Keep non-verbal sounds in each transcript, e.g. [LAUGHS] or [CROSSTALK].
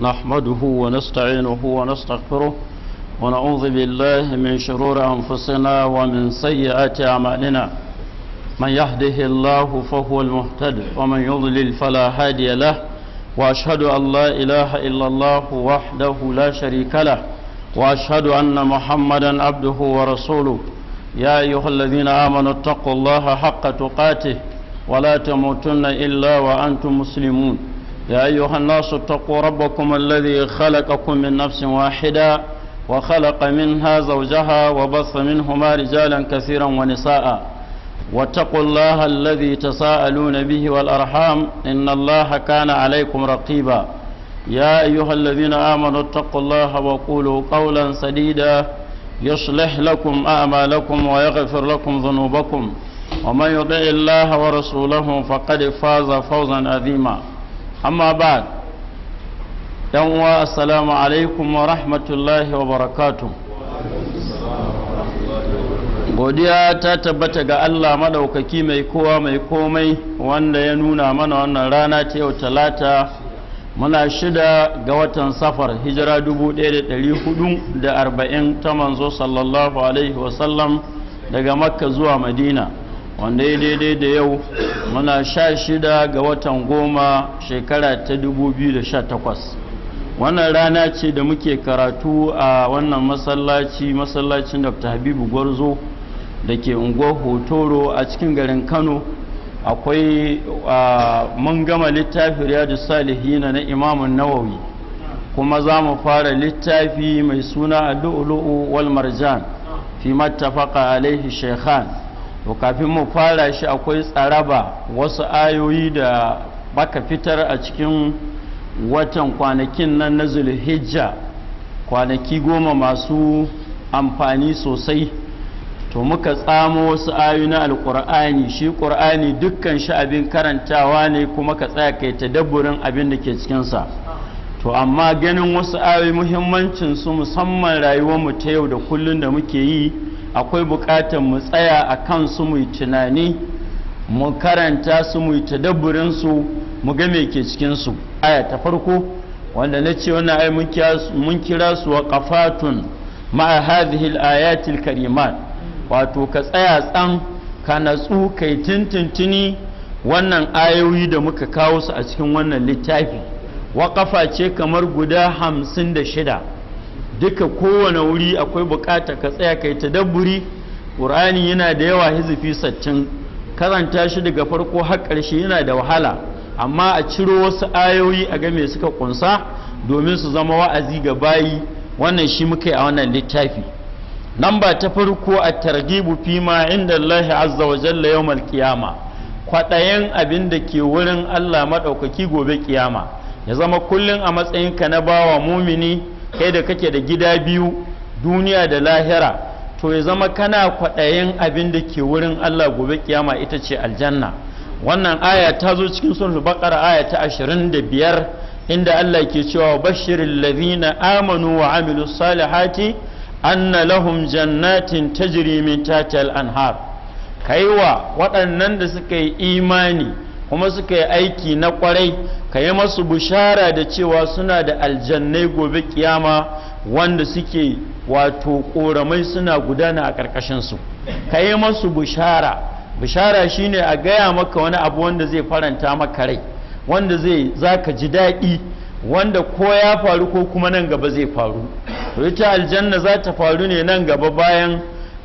نحمده ونستعينه ونستغفره ونعوذ بالله من شرور أنفسنا ومن سيئات أعمالنا من يهده الله فهو المهتد ومن يضلل فلا هادي له وأشهد أن لا إله إلا الله وحده لا شريك له وأشهد أن محمدا عبده ورسوله يا أيها الذين آمنوا اتقوا الله حق تقاته ولا تموتن إلا وأنتم مسلمون يا أيها الناس اتقوا ربكم الذي خلقكم من نفس واحدة وخلق منها زوجها وبص منهما رجالا كثيرا ونساء واتقوا الله الذي تساءلون به والأرحام إن الله كان عليكم رقيبا يا أيها الذين آمنوا اتقوا الله وقولوا قولا سديدا يصلح لكم أعمالكم ويغفر لكم ذنوبكم ومن يطع الله ورسوله فقد فاز فوزا عظيما amma ba yan uwa assalamu alaikum wa rahmatullahi wa barakatu godiya ta tabbata ga allah maɗaukaki mai kowa mai komai wanda ya nuna mana wannan rana ta yau talata muna shida ga watan safar hijira 1440 ta manzo sallallahu alaihi wasallam daga makka zuwa madina wanda ya daidai da yau muna sha shida ga watan goma shekara ta 2018 wannan rana ce da muke karatu a wannan masallaci masallacin dr habibu gwarzo da ke unguwar hotoro a cikin garin kano akwai mun gama littafin riyadu salihina na imamun nawawi kuma za mu fara littafi mai suna a wal marjan fi matafaka alaihi shekhan to kafin mu fara shi akwai tsaraba wasu ayoyi da baka fitar a cikin watan kwanakin nan na zulhijja kwanaki goma masu amfani sosai to muka tsamo wasu ayoyi na alkur'ani shi ƙur'ani dukkan shi abin karantawa ne kuma ka tsaya kai tadabburin abin da ke cikinsa to amma ganin wasu ayoyi muhimmancin su musamman mu ta yau da kullun da muke yi akwai buƙatar mu tsaya a kan su mu tunani mu karanta su mu yi tadabburin su mu ga me ke cikin su aya ta farko wanda na ce wannan ai mun kira su wa qafatun ma hadhihi al wato ka tsaya tsan ka natsu kai tintintini wannan ayoyi da muka kawo su a cikin wannan littafi waƙafa ce kamar guda hamsin da shida duka kowane wuri akwai bukata ka tsaya kai ta tadabburi Ƙur'ani yana da yawa hizifi sattin karanta shi daga farko har ƙarshe yana da wahala amma a ciro wasu ayoyi a game suka kunsa domin su zama wa'azi ga bayi wannan shi muka yi a wannan littafi namba ta farko a targibu fi ma inda Allah azza wa jalla yawmal qiyama kwadayen abin da ke wurin Allah maɗaukaki gobe kiyama ya zama kullum a matsayinka na bawa mumini kai da kake da gida biyu duniya da lahira to ya zama kana kwaɗayin abin da ke wurin Allah gobe kiyama ita ce aljanna wannan aya ta zo cikin sunan baqara aya ta 25 inda Allah ke cewa bashirin ladina amanu wa amilus salihati anna lahum jannatin tajri min tahtiha al-anhar kaiwa waɗannan da suka yi imani kuma suka yi aiki na kwarai ka yi masu bushara da cewa suna da aljannai gobe kiyama wanda suke wato koramai suna gudana a ƙarƙashinsu ka yi masu bushara bushara shine a gaya maka wani abu wanda zai faranta maka rai wanda zai za ka ji daɗi wanda ko ya faru ko kuma nan gaba zai faru ita aljanna za ta faru ne nan gaba bayan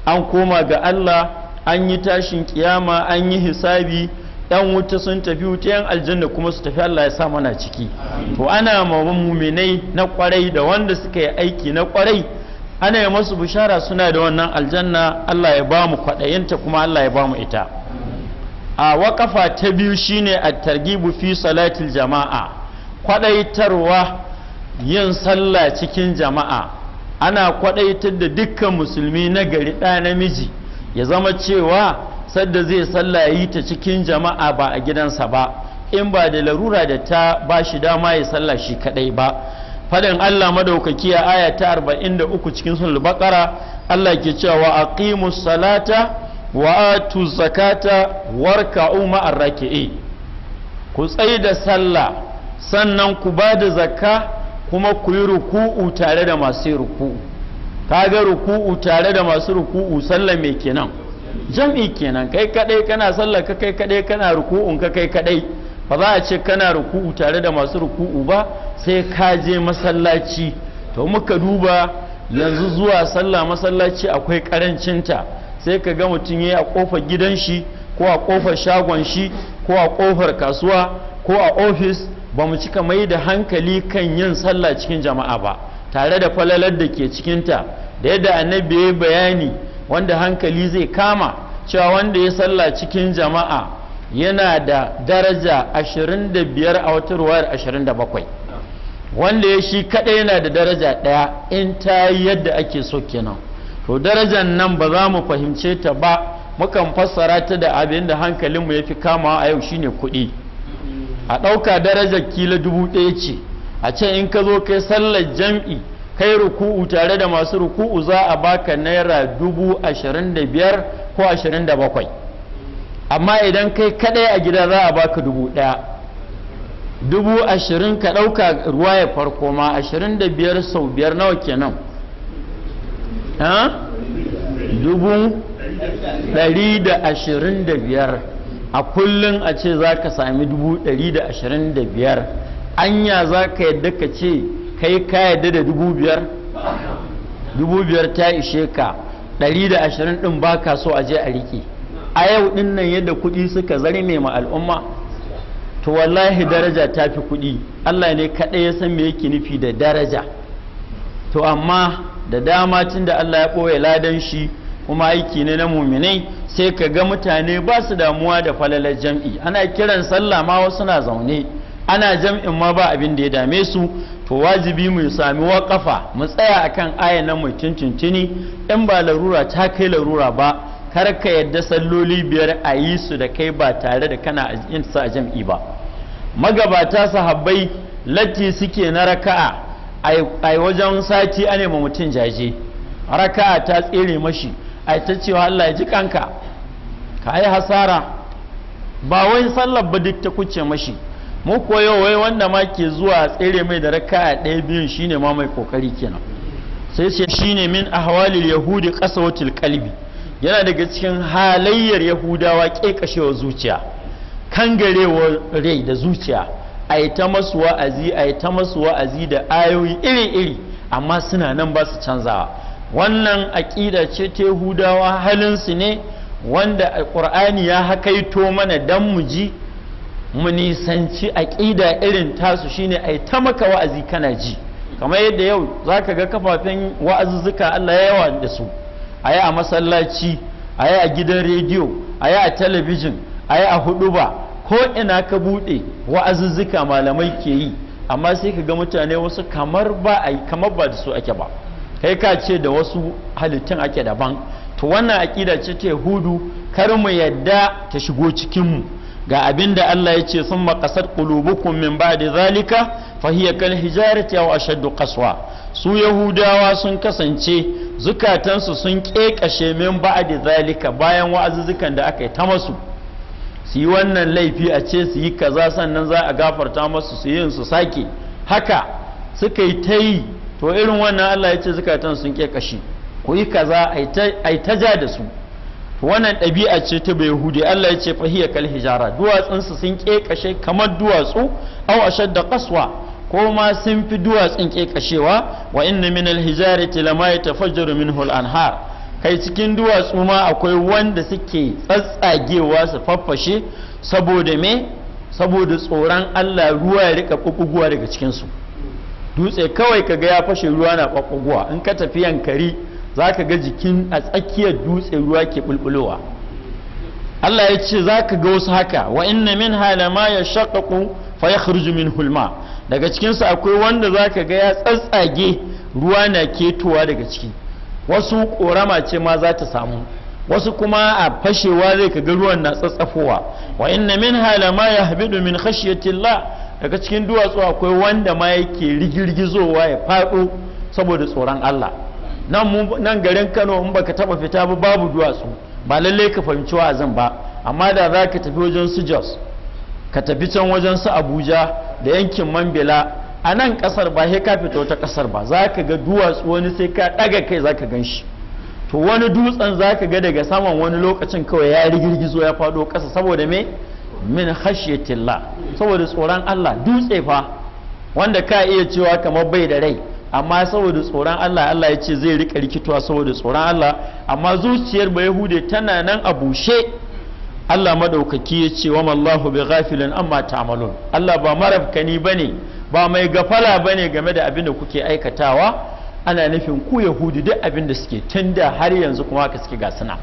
an koma ga Allah an yi tashin kiyama an yi hisabi Ɗan wuta sun tafi wuta yan aljanna kuma su tafi Allah ya sa mana ciki to ana ma muminai na kwarai da wanda suka yi aiki na kwarai ana yi masu bishara suna da wannan aljanna Allah ya bamu kwaɗayinta kuma Allah ya bamu ita a waƙafa ta biyu shine a targibu fi salatil jama'a kwaɗaitarwa yin sallah cikin jama'a ana kwaɗaitar da dukkan musulmi na gari ɗa namiji ya zama cewa sadda zai sallah ya yi ta cikin jama'a ba a gidansa ba in ba da larura da ta ba shi dama ya salla shi kadai ba faɗin Allah madaukaki a aya ta 43 cikin sunan bakara Allah ke cewa aqimus salata wa atu zakata warka'u ma'ar raki'i ku tsayi da sallah sannan ku ba da zakka kuma ku yi ruku'u tare da masu ruku'u ka ga ruku'u tare da masu ruku'u sallah mai kenan jam'i kenan kai kadai kana sallah ka kai kadai kana ruku'un ka kai kadai ba za a ce kana ruku'u tare da masu ruku'u ba sai ka je masallaci to muka duba yanzu zuwa sallah masallaci akwai karancinta sai ka ga mutum yayi a kofar gidan shi ko a kofar shagon shi ko a kofar kasuwa ko a ofis ba mu cika mai da hankali kan yin sallah cikin jama'a ba tare da falalar da ke cikinta da yadda annabi ya bayani wanda hankali zai kama cewa wanda ya salla cikin jama'a yana da daraja 25 a wata ruwayar 27 wanda ya shi kaɗai yana da daraja ɗaya in ta yi yadda ake so kenan to darajar nan ba za mu fahimce ta ba mukan fassara ta da abin da hankalinmu ya fi kamawa a yau shine kuɗi a ɗauka darajar kila dubu ɗaya ce a can in ka zo kai sallar jam'i kai ruku'u tare da masu ruku'u za a baka naira dubu ashirin da biyar ko ashirin da bakwai amma idan kai kadai a gida za a baka dubu daya dubu ashirin ka dauka ruwa ya farko ma ashirin da biyar sau biyar nawa kenan dubu dari da ashirin da biyar a kullum a ce za ka sami dubu dari da ashirin da biyar anya za ka yadda ka ce kai ka yadda da dubu biyar dubu biyar ta ishe ka ɗari da ashirin ɗin ba ka so a je a riƙe a yau ɗin nan yadda kuɗi suka zarme ma al'umma to wallahi daraja ta fi kuɗi allah ne kaɗai ya san me yake nufi da daraja to amma da dama tun da allah ya ɓoye ladan shi kuma aiki ne na muminai sai ka ga mutane ba su damuwa da falalar jam'i ana kiran sallah ma wasu na zaune ana jam'in ma ba abin da ya dame su to wajibi mu sami waƙafa mu tsaya akan aya na mai cincini in ba larura ta kai larura ba kar ka yadda salloli biyar a yi su da kai ba tare da kana yin sa jam'i ba magabata sahabbai latti suke na raka'a ai wajen sati ane ma mutum jaje raka'a ta tsere mashi ai ta cewa Allah ya ji kanka ka yi hasara ba wai sallar ba duk ta kuce mashi mu koyo wai wanda ma ke zuwa tsere mai da raka ɗaya biyun shine ma mai kokari kenan sai shi shine min ahwalil yahudi ƙasa qasawatil qalbi yana daga cikin halayyar yahudawa kekashewa zuciya kangarewa rai da zuciya a yi ta masu wa'azi a yi ta masu wa'azi da ayoyi iri-iri amma suna nan ba su canzawa wannan aƙida ce ta yahudawa halinsu ne wanda ƙur'ani ya hakaito mana dan mu ji mu nisanci aƙida irin tasu shine yi ta maka wa'azi kana ji kamar yadda yau za ka ga kafafen wa'azuzzuka Allah ya yawa da su a yi a masallaci a yi a gidan rediyo a yi a talabijin a yi a ba ko ina ka buɗe wa'azuzzuka malamai ke yi amma sai ka ga mutane wasu kamar ba a kamar ba da su ake ba kai ka ce da wasu halittun ake daban to wannan aƙida ce ta yahudu kar mu yadda ta shigo cikinmu ga abin da Allah ya ce sun maƙasar ƙulubukun min ba da zalika fahiyar kan hijarati yau ashaddu kaswa su yahudawa sun kasance zukatansu sun ƙeƙashe min ba da zalika bayan wa'azuzzukan da aka yi ta masu su yi wannan laifi a ce su yi kaza sannan za a gafarta masu su yin su sake haka suka yi ta yi to irin wannan Allah ya ce zukatansu sun ƙeƙashe ku yi kaza a ta ja da su wannan ɗabi'a ce ta bai hudu Allah ya ce fahiya kal hijara duwatsunsu sun ƙeƙashe kamar duwatsu au ashad da kaswa ko ma sun fi duwatsun ƙeƙashewa wa inna min al ta lama yatafajjaru minhu al anhar kai cikin duwatsu ma akwai wanda suke tsatsagewa su faffashe saboda me saboda tsoron Allah ruwa ya rika ƙuƙuguwa daga cikinsu. su dutse kawai kaga ya fashe ruwa na ƙuƙuguwa in ka tafi yankari za ka ga jikin a tsakiyar dutse ruwa ke bulbulowa Allah ya ce za ka ga wasu haka wa inna min halama ya shaƙaƙu fa ya min hulma daga cikinsu akwai wanda za ka ga ya tsatsage ruwa na ketowa daga ciki wasu ƙorama ce ma za ta samu wasu kuma a fashewa zai ka ga ruwan na tsatsafowa wa inna min halama ya habidu min khashiyatillah daga cikin duwatsu akwai wanda ma yake rigirgizowa ya faɗo saboda tsoron Allah nan garin kano in baka taba fita ba babu duwatsu ba lallai ka fahimci wa'azin ba amma da za ka tafi wajen su jos ka tafi can wajen su abuja da yankin mambila a nan kasar ba sai ka fito wata kasar ba za ka ga duwatsu wani sai ka daga kai za ka gan shi to wani dutsen za ka ga daga saman wani lokacin kawai ya rigirgizo ya fado kasa saboda me min tilla saboda tsoron Allah dutse fa wanda ka iya cewa kamar bai da rai amma saboda tsoron Allah Allah ya ce zai rika rikitowa saboda tsoron Allah amma zuciyar ba yahude tana nan a bushe Allah madaukaki ya ce wa mallahu bi ghafilin amma ta'malun Allah ba marafkani bane ba mai gafala bane game da abin da kuke aikatawa ana nufin ku yahudi duk abin da suke tunda har yanzu kuma haka suke gasuna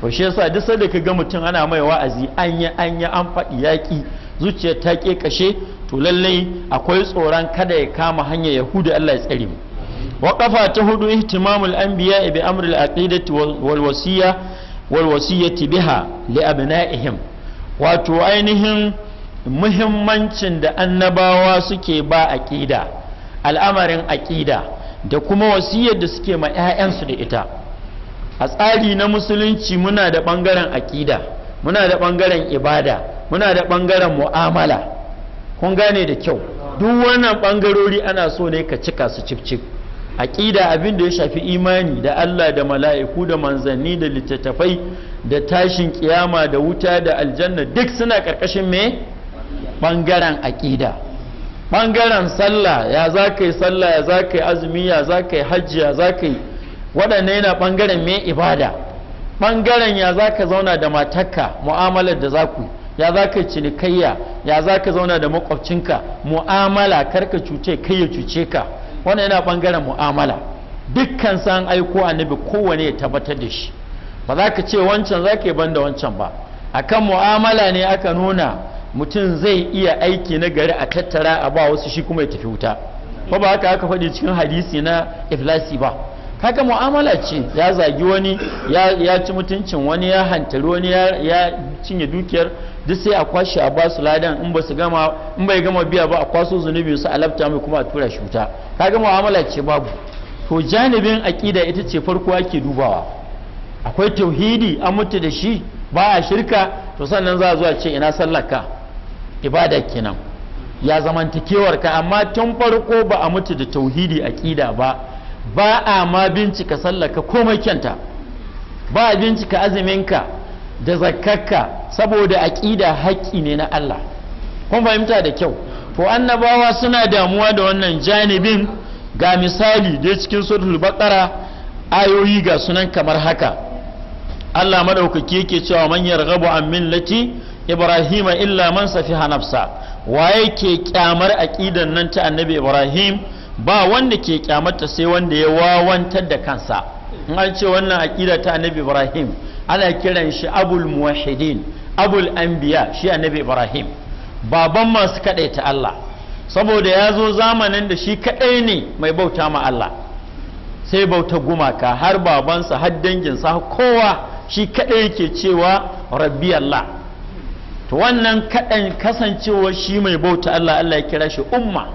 to shi yasa duk sanda ka ga mutum ana mai wa'azi anya anya an faɗi yaƙi zuciyar ta ke kashe to lallai akwai tsoron kada ya kama hanyar yahudu Allah ya tsare mu wa kafa ta hudu ihtimamul anbiya bi al aqidati wal wasiya wal wasiyati biha li abna'ihim wato ainihin muhimmancin da annabawa suke ba aqida al'amarin aqida da kuma wasiyar da suke ma 'ya'yansu da ita a tsari na musulunci muna da ɓangaren aƙida muna da ɓangaren ibada muna da ɓangaren mu'amala kun gane da kyau duk wannan ɓangarori ana so ne ka cika su cif-cif aƙida abin da ya shafi imani da Allah da mala'iku da manzanni da littattafai da tashin kiyama da wuta da aljanna duk suna ƙarƙashin me ɓangaren aƙida ɓangaren sallah ya za ka yi sallah ya za ka yi azumi ya za ka yi hajji ya za ka yi waɗanne yana ɓangaren me ibada ɓangaren ya za ka zauna da matakka mu'amalar da za ku yi ya za ka cinikayya ya za ka zauna da makwabcinka mu'amala karka cuce kai ya cuce ka wannan yana ɓangaren mu'amala dukkan san aiko annabi kowane ya tabbatar da shi ba za ka ce wancan za ka yi banda wancan ba akan mu'amala ne aka nuna mutum zai iya aiki na gari a tattara a ba wasu shi kuma ya tafi wuta ko ba haka aka faɗi cikin hadisi na iflasi ba haka mu'amala ce ya zagi wani ya ci mutuncin wani ya hantari wani ya cinye dukiyar duk sai a kwashe a basu ladan in ba su gama in bai gama biya ba a kwaso zunubi su alabta mai kuma a tura shi wuta ka gama mu'amala ce babu to janibin aqida ita ce farko ake dubawa akwai tauhidi an mutu da shi ba a shirka to sannan za a zuwa ce ina sallaka ibada kenan ya zamantakewar ka amma tun farko ba a mutu da tauhidi aqida ba ba a ma bincika sallaka komai kyanta ba a bincika azuminka da zakkakka saboda aƙida haƙƙi ne na Allah kun fahimta da kyau to annabawa suna damuwa da wannan janibin ga misali da cikin suratul baqara ayoyi ga sunan kamar haka Allah madaukaki yake cewa man yarghabu an millati Ibrahim illa man safiha nafsa wa yake kyamar aqidan nan ta annabi Ibrahim ba wanda ke kyamarta sai wanda ya wawantar da kansa in an ce wannan aqida ta annabi Ibrahim ana kiran shi abul muwahhidin abul anbiya shi annabi ibrahim baban masu kaɗai ta Allah saboda ya zo zamanin da shi kaɗai ne mai bauta ma Allah sai bauta gumaka har babansa har danginsa kowa shi kaɗai yake cewa rabbi Allah to wannan kaɗan kasancewa shi mai bauta Allah Allah ya kira shi umma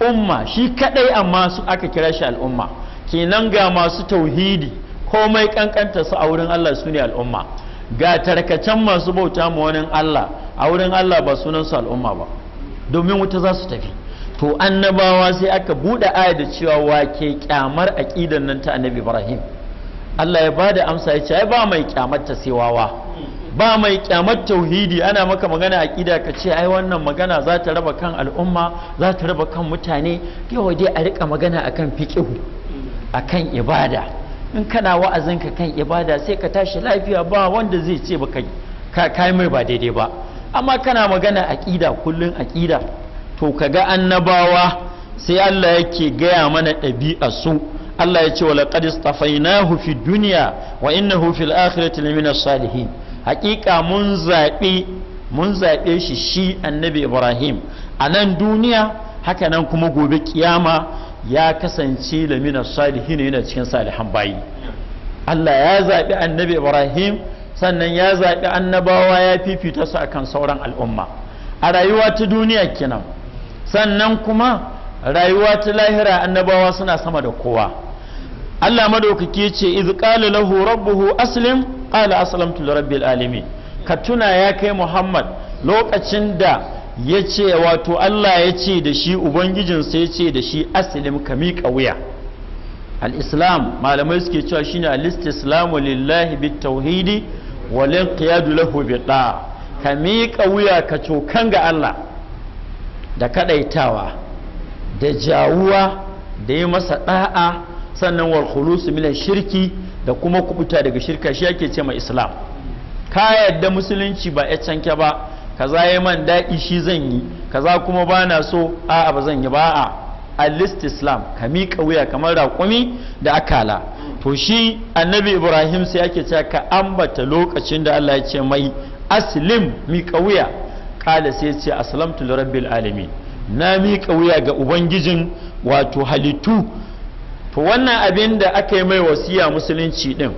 umma shi kaɗai amma su aka kira shi al'umma kenan ga masu tauhidi komai kankanta su a wurin Allah su ne al'umma ga tarkacen masu bauta ma wani Allah a wurin Allah ba sunan su al'umma ba domin wuta za su tafi to annabawa sai aka buɗe aya da cewa wake kyamar aƙidar nan ta annabi Ibrahim Allah ya bada amsa ya ce ai ba mai kyamarta sai wawa ba mai kyamar tauhidi ana maka magana aqida ka ce ai wannan magana za ta raba kan al'umma za ta raba kan mutane yau dai a riƙa magana akan fiƙihu akan ibada in kana wa'azinka kan ibada sai ka tashi lafiya ba wanda zai ce ba ka kai mai ba daidai ba amma kana magana aqida kullun aqida to ka kaga annabawa sai Allah yake gaya mana ɗabi'a su Allah ya ce wa laqad istafainahu fi dunya wa innahu fil akhirati lamina salihin haƙiƙa mun zaɓe mun zaɓe shi shi annabi Ibrahim a nan duniya haka nan kuma gobe kiyama ya kasance lamina ne yana cikin salihan bayi Allah ya zaɓi annabi Ibrahim sannan ya zaɓi annabawa ya fifita su akan sauran al'umma a rayuwa ta duniya kinan. sannan kuma rayuwa ta lahira annabawa suna sama da kowa Allah madaukaki ce iz qala lahu rabbuhu aslim qala aslamtu rabbi alamin ka tuna ya kai Muhammad lokacin da ya ce wato Allah ya ce da shi ubangijinsa ya ce da shi asilin ka miƙa wuya al-islam malamai suke cewa shine al islamu lillahi bi tauhidi wal inqiyadu lahu bi ka miƙa wuya ka cokan ga Allah da kaɗaitawa da jawuwa da yi masa ɗa'a sannan wal khulusu min shirki da kuma kubuta daga shirka shi yake ce ma islam ka yadda musulunci ba ya canke ba kaza ya man daɗi shi zan yi kaza kuma ba na so a'a ba zan yi ba a alist islam ka miƙa wuya kamar raƙumi da akala to shi annabi ibrahim sai ake cewa ka ambata lokacin da allah ya ce mai aslim miƙa wuya kala sai ce aslamtu lirabbil alamin na miƙa wuya ga ubangijin wato halittu to wannan abin da aka yi mai wasiya musulunci din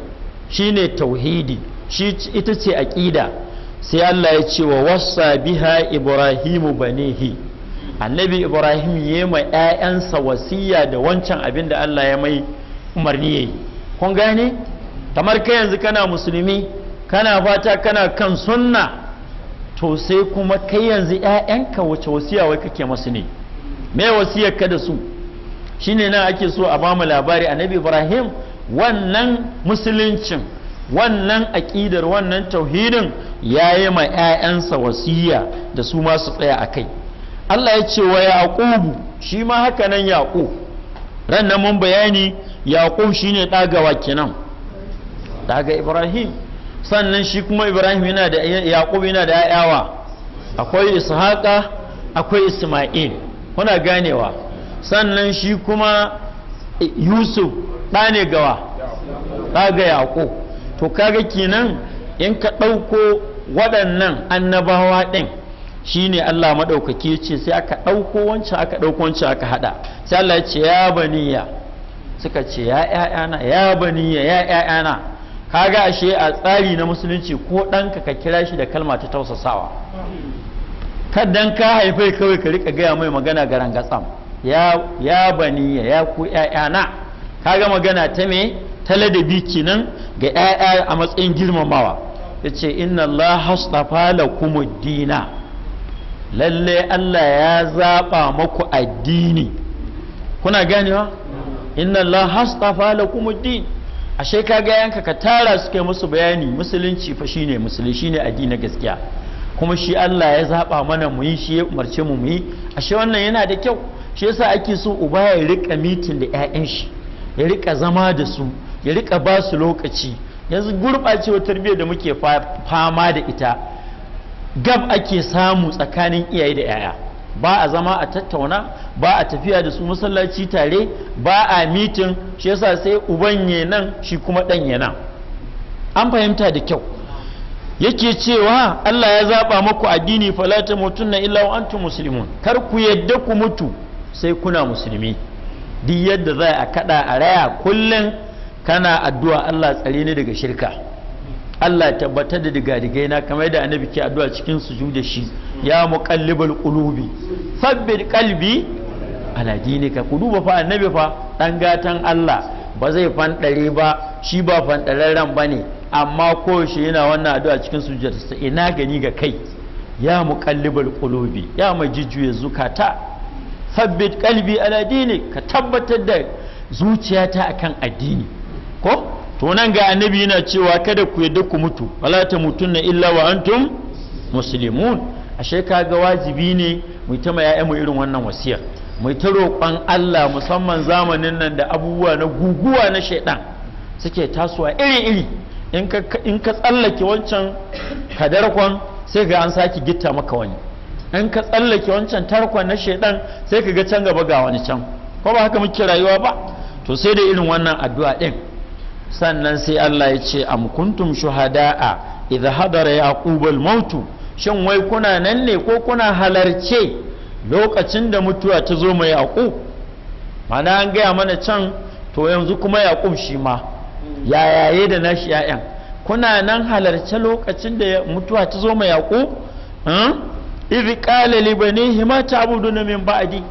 shine tauhidi shi ita ce aƙida sai Allah ya ce wa wasa biha ibrahimu banihi annabi ibrahim ya ma 'ya'yansa wasiya da wancan abin da Allah ya mai umarni yayi kun gane kamar kai yanzu kana musulmi kana fata kana kan sunna to sai kuma kai yanzu 'ya'yanka wace wasiya wai kake masu ne me wasiyar ka da su shine nan ake so a bamu labari annabi ibrahim wannan musuluncin wannan aƙidar wannan tauhidin ya yi ma 'ya'yansa wasiya da su masu tsaya a kai Allah ya ce wa yaƙubu shi ma haka nan yaƙub ran nan mun bayani yaƙub shi ne ɗagawa kenan daga ibrahim sannan shi kuma ibrahim yana da yana da ‘ya'yawa akwai ishaƙa akwai isma'il kuna ganewa sannan shi kuma yusuf ɗa gawa ɗaga yaƙub to kaga kenan in ka ɗauko waɗannan annabawa ɗin shine Allah maɗaukaki ce sai aka ɗauko wancan aka ɗauko wancan aka haɗa sai Allah ya ce ya baniya suka ce ya ƴaƴana ya baniya ya ƴaƴana kaga ashe a tsari na musulunci ko ɗanka ka kira shi da kalma ta tausasawa kaddan ka haifai kawai ka rika gaya mai magana ga rangatsam ya baniya ya ku ƴaƴana kaga magana ta me ta ladabi kenan ga 'ya'ya a matsayin girmamawa ya ce inna Allah la kuma dina lalle Allah ya zaɓa maku addini kuna ganewa inna Allah la kuma din ashe ka ga yanka ka tara suke musu bayani musulunci fa shine musulunci shine addini gaskiya kuma shi Allah ya zaɓa mana mu yi shi ya umarce mu mu yi ashe wannan yana da kyau shi yasa ake so uba ya rika mitin da 'ya'yan shi ya rika zama da su ya rika ba su lokaci yanzu gurɓacewa tarbiyyar da muke fama da ita gab ake samu tsakanin iyaye da 'ya'ya ba a zama a tattauna ba a tafiya da su masallaci tare ba a mitin shi yasa sai uban ya nan shi kuma ɗan ya nan an fahimta da kyau yake cewa Allah ya zaɓa maku addini falata mutunna illa wa antum muslimun kar ku yadda ku mutu sai kuna musulmi duk yadda za a kada a raya kullum kana addu'a Allah tsare ni daga shirka Allah tabbatar da digai na kamar da annabi ke addu'a cikin sujuda shi ya muqallibal qulubi sabbir qalbi ala dinika ku duba fa annabi fa dan gatan Allah ba zai fanɗare ba shi ba ba ne amma ko shi yana wannan addu'a cikin da sa ina gani ga kai ya muqallibal qulubi ya mai zukata sabbit qalbi ala ka tabbatar da zuciyata akan addini ko to nan ga annabi yana cewa kada ku yadda ku mutu wala ta mutunna illa wa antum muslimun ashe kaga wajibi ne mu ta ma mu irin wannan wasiyar mu ta roƙon Allah musamman zamanin nan da abubuwa na guguwa na shaidan suke tasowa iri iri in ka tsallake wancan kadarkon sai ga an saki gitta maka wani in ka tsallake wancan tarkon na shaidan sai ka ga can gaba ga wani can ko ba haka muke rayuwa ba to sai da irin wannan addu'a din sannan sai Allah ya ce am kuntum shuhada'a idha hadara yaqub al-mautu shin wai kuna nan ne ko kuna halarce lokacin da mutuwa ta zo mai yaqub mana an gaya mana can to yanzu kuma yaqub shi ma ya yaye da nashi ya'yan kuna nan halarce lokacin da mutuwa ta zo mai yaqub hmm? idh qala li banihi ma ta'buduna min ba'di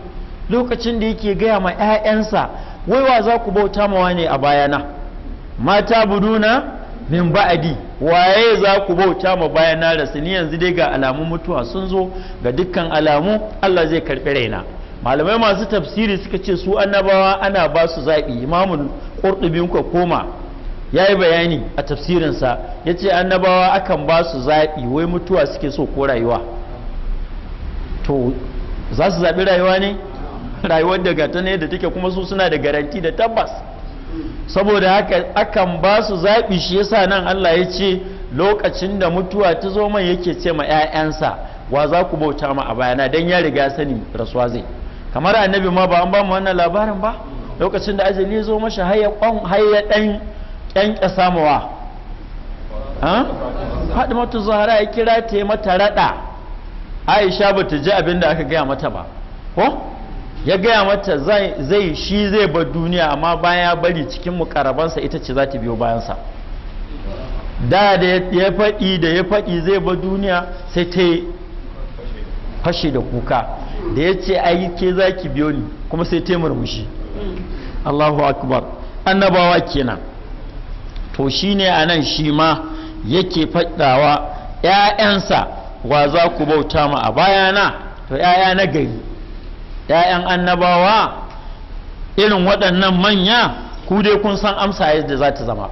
lokacin da yake gaya ma 'ya'yansa wai wa za ku bauta mawa ne a bayana mata buduna min ba'adi waye za ku bauta ma bayan na rasu ni yanzu dai ga alamun mutuwa sun zo ga dukkan alamu Allah zai karɓi raina malamai masu tafsiri suka ce su annabawa ana ba su zaɓi imamun ƙurɗubin ka koma ya yi bayani a tafsirinsa ya ce annabawa akan ba su zaɓi wai mutuwa suke so ko rayuwa to za su zaɓi rayuwa ne rayuwar daga ta ne da take kuma su suna da garanti da tabbas saboda haka akan ba su zaɓi shi yasa nan Allah ya ce lokacin da mutuwa ta zo man yake ce ma 'ya'yansa wa za ku bauta ma a bayana don ya riga sani rasuwa zai kamar annabi ma ba an ba mu wannan labarin ba lokacin da ajali ya zo masa haya kwan haya dan kyanke samawa ha Fatimatu Zahra ya kira ta mata rada Aisha bata ji abin da aka gaya mata ba ko ya gaya mata zai shi zai bar duniya amma bayan ya bari cikin mukarabansa ita ce za ta biyo bayansa da da ya faɗi da ya faɗi zai bar duniya sai ta fashe da kuka da ya ce ai ke za ki biyo ni kuma sai ta murmushi allahu akbar annabawa kenan to shine a nan shi ma yake faɗawa ‘ya'yansa wa za ku bauta ma a bayana to ‘ya'ya na gari ‘ya'yan annabawa irin waɗannan manya ku dai kun san amsa yadda za ta zama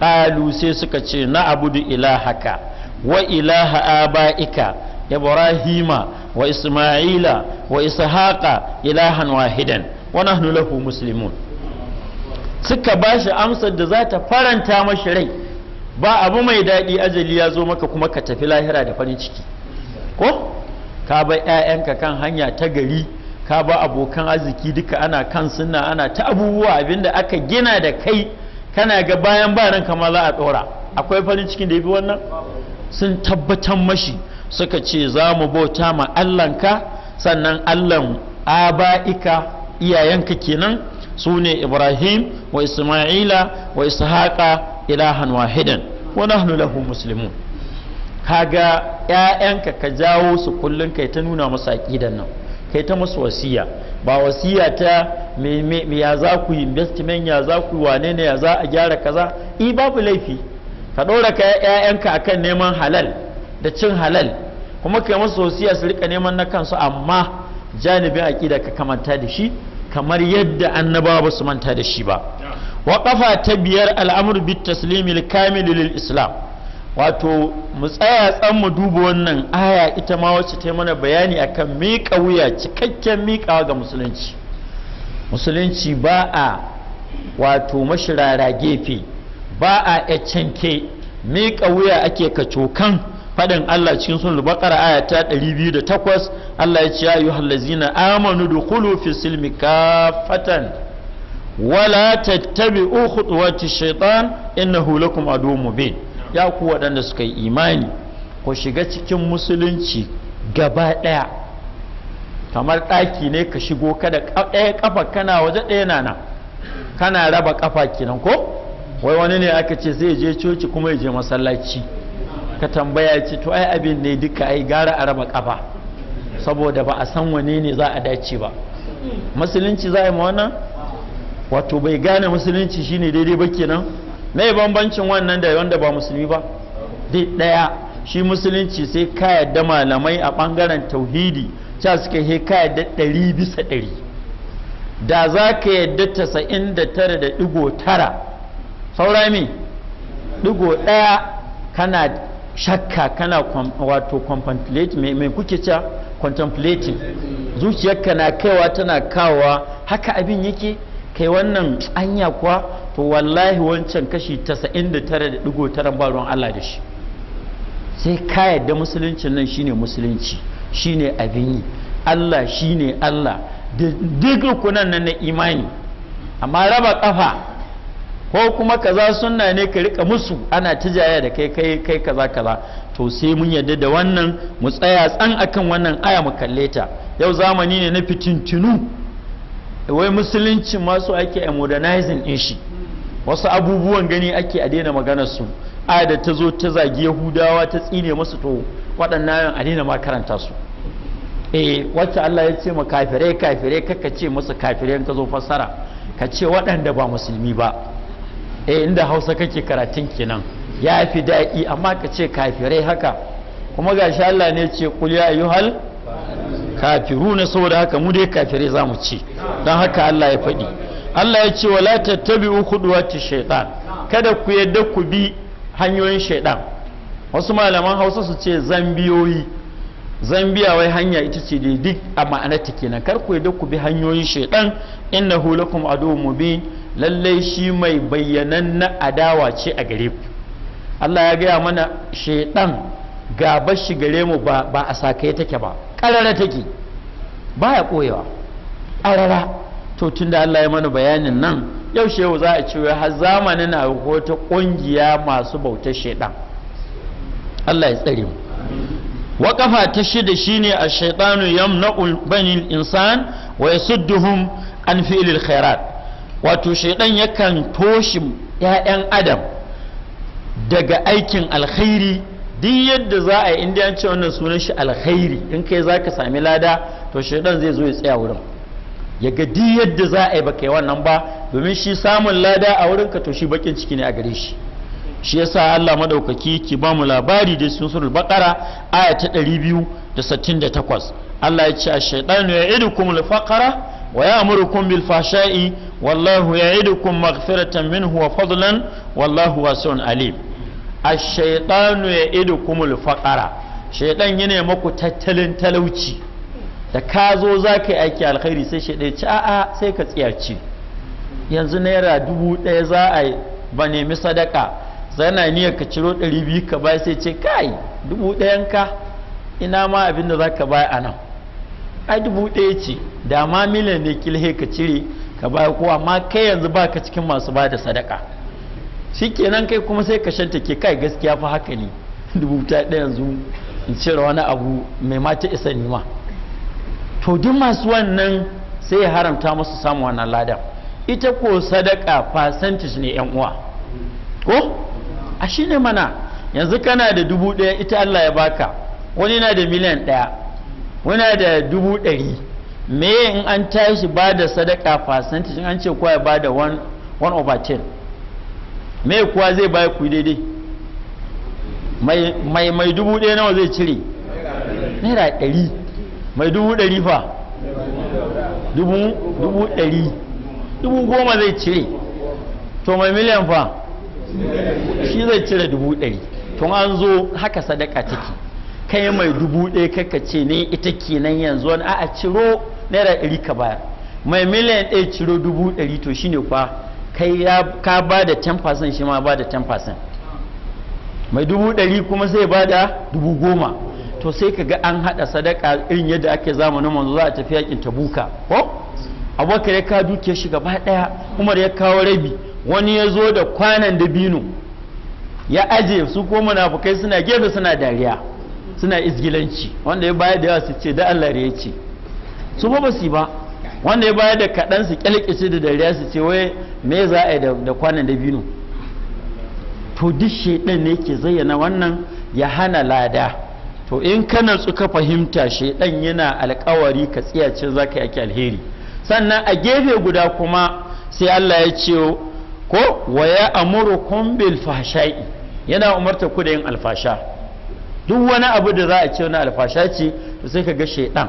ƙalu sai suka ce na abudu ilahaka wa ilaha aba'ika ibrahima wa isma'ila wa ishaqa ilahan wahidan wa nahnu lahu muslimun suka ba shi amsar da za ta faranta mashi rai ba abu mai daɗi ajali ya zo maka kuma ka tafi lahira da farin ciki ko ka bar 'ya'yanka kan hanya ta gari ka ba abokan arziki duka ana kan sunna ana ta abubuwa abinda aka gina da kai kana ga bayan ba ranka ma za a ɗora akwai farin cikin da ya fi wannan sun tabbatar mashi suka ce za mu bauta ma ka sannan allan aba'ika iyayenka kenan su ne ibrahim wa isma'ila wa ishaqa ilahan wahidan wa nahnu lahu muslimun kaga ƴaƴanka ka jawo su kullun kai ta nuna masa aqidan nan kai ta musu wasiya ba wasiya ta me ya za ku yi investment ya za ku yi wane ne ya za a gyara kaza i babu laifi ka ɗora ka ƴaƴanka akan neman halal da cin halal kuma kai musu wasiya su rika neman na kansu amma janibin aƙida ka kamanta da shi kamar yadda annabawa ba su manta da shi ba wa kafa ta biyar al'amur bit taslimil kamil lil islam wato mu tsaya tsan mu duba wannan aya ita ma wacce ta yi mana bayani akan miƙa wuya cikakken miƙawa ga musulunci musulunci ba a wato mashirara gefe ba a yaccanke miƙa wuya ake kan faɗin Allah cikin sun baƙara aya ta 208 Allah ya ce ya yi hallazina amanu da kulu fi silmi kafatan wala tattabi'u khutuwati shaitan innahu lakum adu mubin ya ku waɗanda suka yi imani ku shiga cikin musulunci gaba ɗaya kamar ɗaki ne ka shigo kada ɗaya ƙafa kana waje ɗaya nana kana raba ƙafa kenan ko wai wani ne aka ce zai je coci kuma ya je masallaci ka tambaya ce to ai abin ne duka ai gara a raba ƙafa saboda ba a san wani ne za a dace ba musulunci za a yi ma wannan wato bai gane musulunci shine daidai ba kenan me bambancin wannan da wanda ba musulmi ba duk daya shi musulunci sai ka yadda malamai a bangaren tauhidi cewa suka he ka yadda ɗari bisa ɗari da za ka yadda tasa'in da tara da ɗigo tara saura me ɗigo ɗaya kana shakka kana wato contemplate mai kuke cewa contemplating zuciyarka na kaiwa tana kawa haka abin yake kai wannan anya kuwa to wallahi wancan kashi 99.9 ba ruwan Allah da shi sai ka yadda musuluncin nan shine musulunci shine abin yi Allah shine Allah duk rukunan nan na imani amma raba kafa ko kuma kaza sunna ne ka rika musu ana tijaya da kai kai kai kaza kaza to sai mun yadda da wannan mu tsaya tsan akan wannan aya mu kalle ta yau zamani ne na fitintinu wai musulunci masu ake modernizing din shi wasu abubuwan gani ake a daina maganar su ayat ta zo ta zagi yahudawa ta tsine masu to waɗannan a daina ma su eh wacce Allah ya ce ma kafirai kafirai kaka ce musu kafirai ka zo fassara ka ce waɗanda ba musulmi ba eh inda Hausa kake karatun kenan ya fi daɗi amma ka ce kafirai haka kuma ga shi Allah ne ce kul ya ayyuhal kafiruna saboda haka mu dai kafirai zamu ci. don haka Allah ya faɗi Allah ya ce wala tattabi'u khuduwati shaitan kada ku yadda ku bi hanyoyin shaiɗan wasu malaman Hausa su ce zambiyoyi zambiya wai hanya ita ce da duk a ma'anarta kenan kar ku yadda ku bi hanyoyin shaitan innahu lakum aduwwun mubin lallai shi mai bayyanan na adawa ce a gare ku Allah ya gaya mana shaiɗan ga bashi gare mu ba a sakai take ba karara take baya koyewa arara to tun da Allah ya mana bayanin nan yau shehu za a ce har zamanin a wata ƙungiya masu bautar shaidan Allah ya tsare mu waƙafa ta shida shine a shaidanu yamna'u banil insan wa yasudduhum an fi'lil khairat wato shaidan yakan toshi ya'yan adam daga aikin alkhairi duk yadda za a yi ce wannan sunan shi alkhairi in kai za ka sami lada to shaidan zai zo ya tsaya wurin ya gadi yadda za a yi bakai kai wannan ba domin shi samun lada a wurin ka to shi bakin ciki ne a gare shi shi yasa Allah madaukaki ki ba mu labari da sun surul baqara aya ta 268 Allah ya ce ash-shaytanu ya'idukum al-faqra wa ya'murukum bil fashai wallahu ya'idukum maghfiratan minhu wa fadlan wallahu wasi'un alim ash-shaytanu ya'idukum al-faqra shaytan yana maku tattalin talauci da ka zo za ka yi aiki alkhairi sai shi ɗaya ci a'a sai ka tsiyarci yanzu naira dubu ɗaya za a ba nemi sadaka zana niyyar ka ciro ɗari biyu ka bai sai ce kai dubu ɗayan ka ina ma abin da za ka bai a nan ai dubu ɗaya ce da ma miliyan ne kilhe ka cire ka bai ko amma kai yanzu ba ka cikin masu ba da sadaka shikenan kai kuma sai ka shanta ke kai gaskiya fa haka ne [LAUGHS] dubu ta ɗaya yanzu in cire wani abu mai mata isa nima to duk masu wannan sai ya haramta musu samun wannan ladan ita ko sadaka fasantis ne yan uwa ko a shine mana yanzu kana da dubu ɗaya ita Allah ya baka wani na da miliyan ɗaya wani da dubu ɗari me in an tashi ba da sadaka percentage an ce kowa ya ba da 1 over 10 me kuwa zai bayi ku daidai mai mai dubu ɗaya nawa zai cire naira ɗari mai dubu ɗari fa dubu ɗari dubu goma zai cire to mai miliyan fa shi zai cire dubu ɗari tun an zo haka sadaka ciki kai mai dubu ɗaya kaka ce ne ita kenan yanzu wani a ciro naira ɗari ka bayar mai miliyan ɗaya ciro dubu ɗari to shine kwa kai ka ba da 10% shi ma ba da 10% mai dubu ɗari kuma sai ba da dubu goma to sai ka ga an haɗa sadaka irin yadda ake zamanin manzo za a tafi yakin tabuka ko abubakar ya kawo duke shi gaba ɗaya umar ya kawo rabi wani ya zo da kwanan dabino ya aje su ko munafukai suna gefe suna dariya suna izgilanci wanda ya bayar da yawa su ce da Allah ya ce su ba su ba wanda ya bayar da kaɗan su kyalkice da dariya su ce wai me za a yi da kwanan dabino to duk shaidan ne ke zayyana wannan ya hana lada to in ka natsu ka fahimta shaiɗan yana alkawari ka tsiyace za ka yaki alheri sannan a gefe guda kuma sai Allah ya ce ko waya amurukum bil fahsha'i yana umarta ku da yin alfasha duk wani abu da za a ce wani alfasha ce to sai ka ga shaidan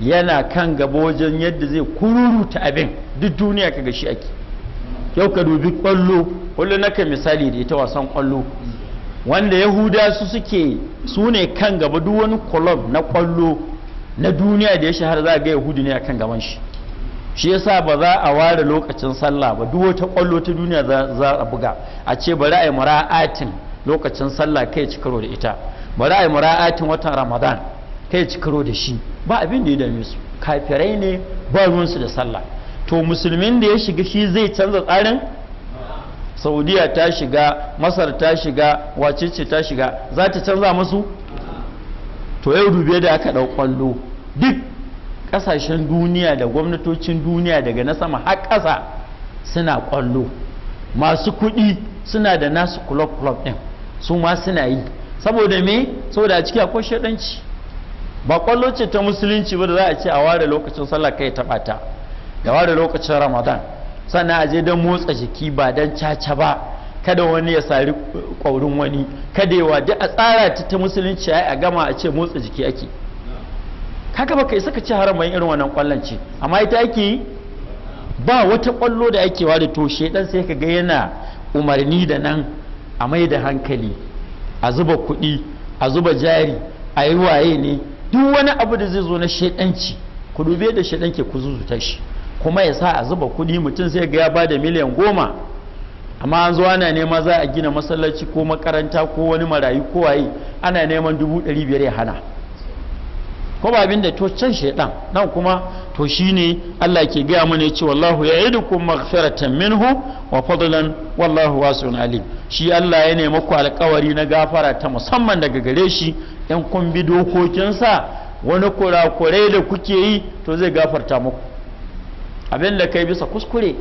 yana kan gaba wajen yadda zai kururuta abin duk duniya ka ga shi ake yau ka dubi kwallo kullu naka misali da ita wasan kwallo wanda yahuda su suke su ne kan gaba duk wani kolon na kwallo na duniya da ya shahara za ga yahudu ne a kan gaban shi shi yasa ba za a ware lokacin sallah ba duk wata kwallo ta duniya za a buga a ce bari a yi lokacin sallah kai ci karo da ita bari a yi watan ramadan kai ci karo da shi ba abin da ya dame su kafirai ne ba ruwansu da sallah to musulmin da ya shiga shi zai canza tsarin saudiya ta shiga masar ta shiga wacece ta shiga za ta canza masu to yau dube da aka ɗau kwallo duk ƙasashen duniya da gwamnatocin duniya daga na sama har ƙasa suna kwallo masu kuɗi suna da nasu club club ɗin su ma suna yi saboda me saboda a ciki akwai shaɗanci ba kwallo ce ta musulunci ba da za a ce a ware lokacin sallah kai ta ta da ware lokacin ramadan Sana a je don motsa jiki ba don caca ba kada wani ya sari ƙwaurin wani kada yawa duk a tsara ta ta musulunci a gama a ce motsa jiki ake haka baka isa ka ci haramayin irin wannan ƙwallon ce amma ita ake yi ba wata ƙwallo da ake wa da toshe dan sai ka ga yana umarni da nan a mai da hankali a zuba kuɗi a zuba jari a yi waye ne duk wani abu da zai zo na shaidanci ku dube da shaidan ke ku zuzuta shi kuma ya sa a zuba kuɗi mutum sai ga ya ba da miliyan goma amma an zuwa ana nema za a gina masallaci ko makaranta ko wani marayu ko waye ana neman dubu ɗari biyar ya hana ko ba abin da to can shaidan nan kuma to shi ne Allah ke gaya mana ya ce wallahu ya yi dukkan maghfiratan minhu wa fadlan wallahu na alim shi Allah ya nemi ku alkawari na gafara ta musamman daga gare shi in kun bi dokokinsa wani kurakurai da kuke yi to zai gafarta muku abin da kai bisa kuskure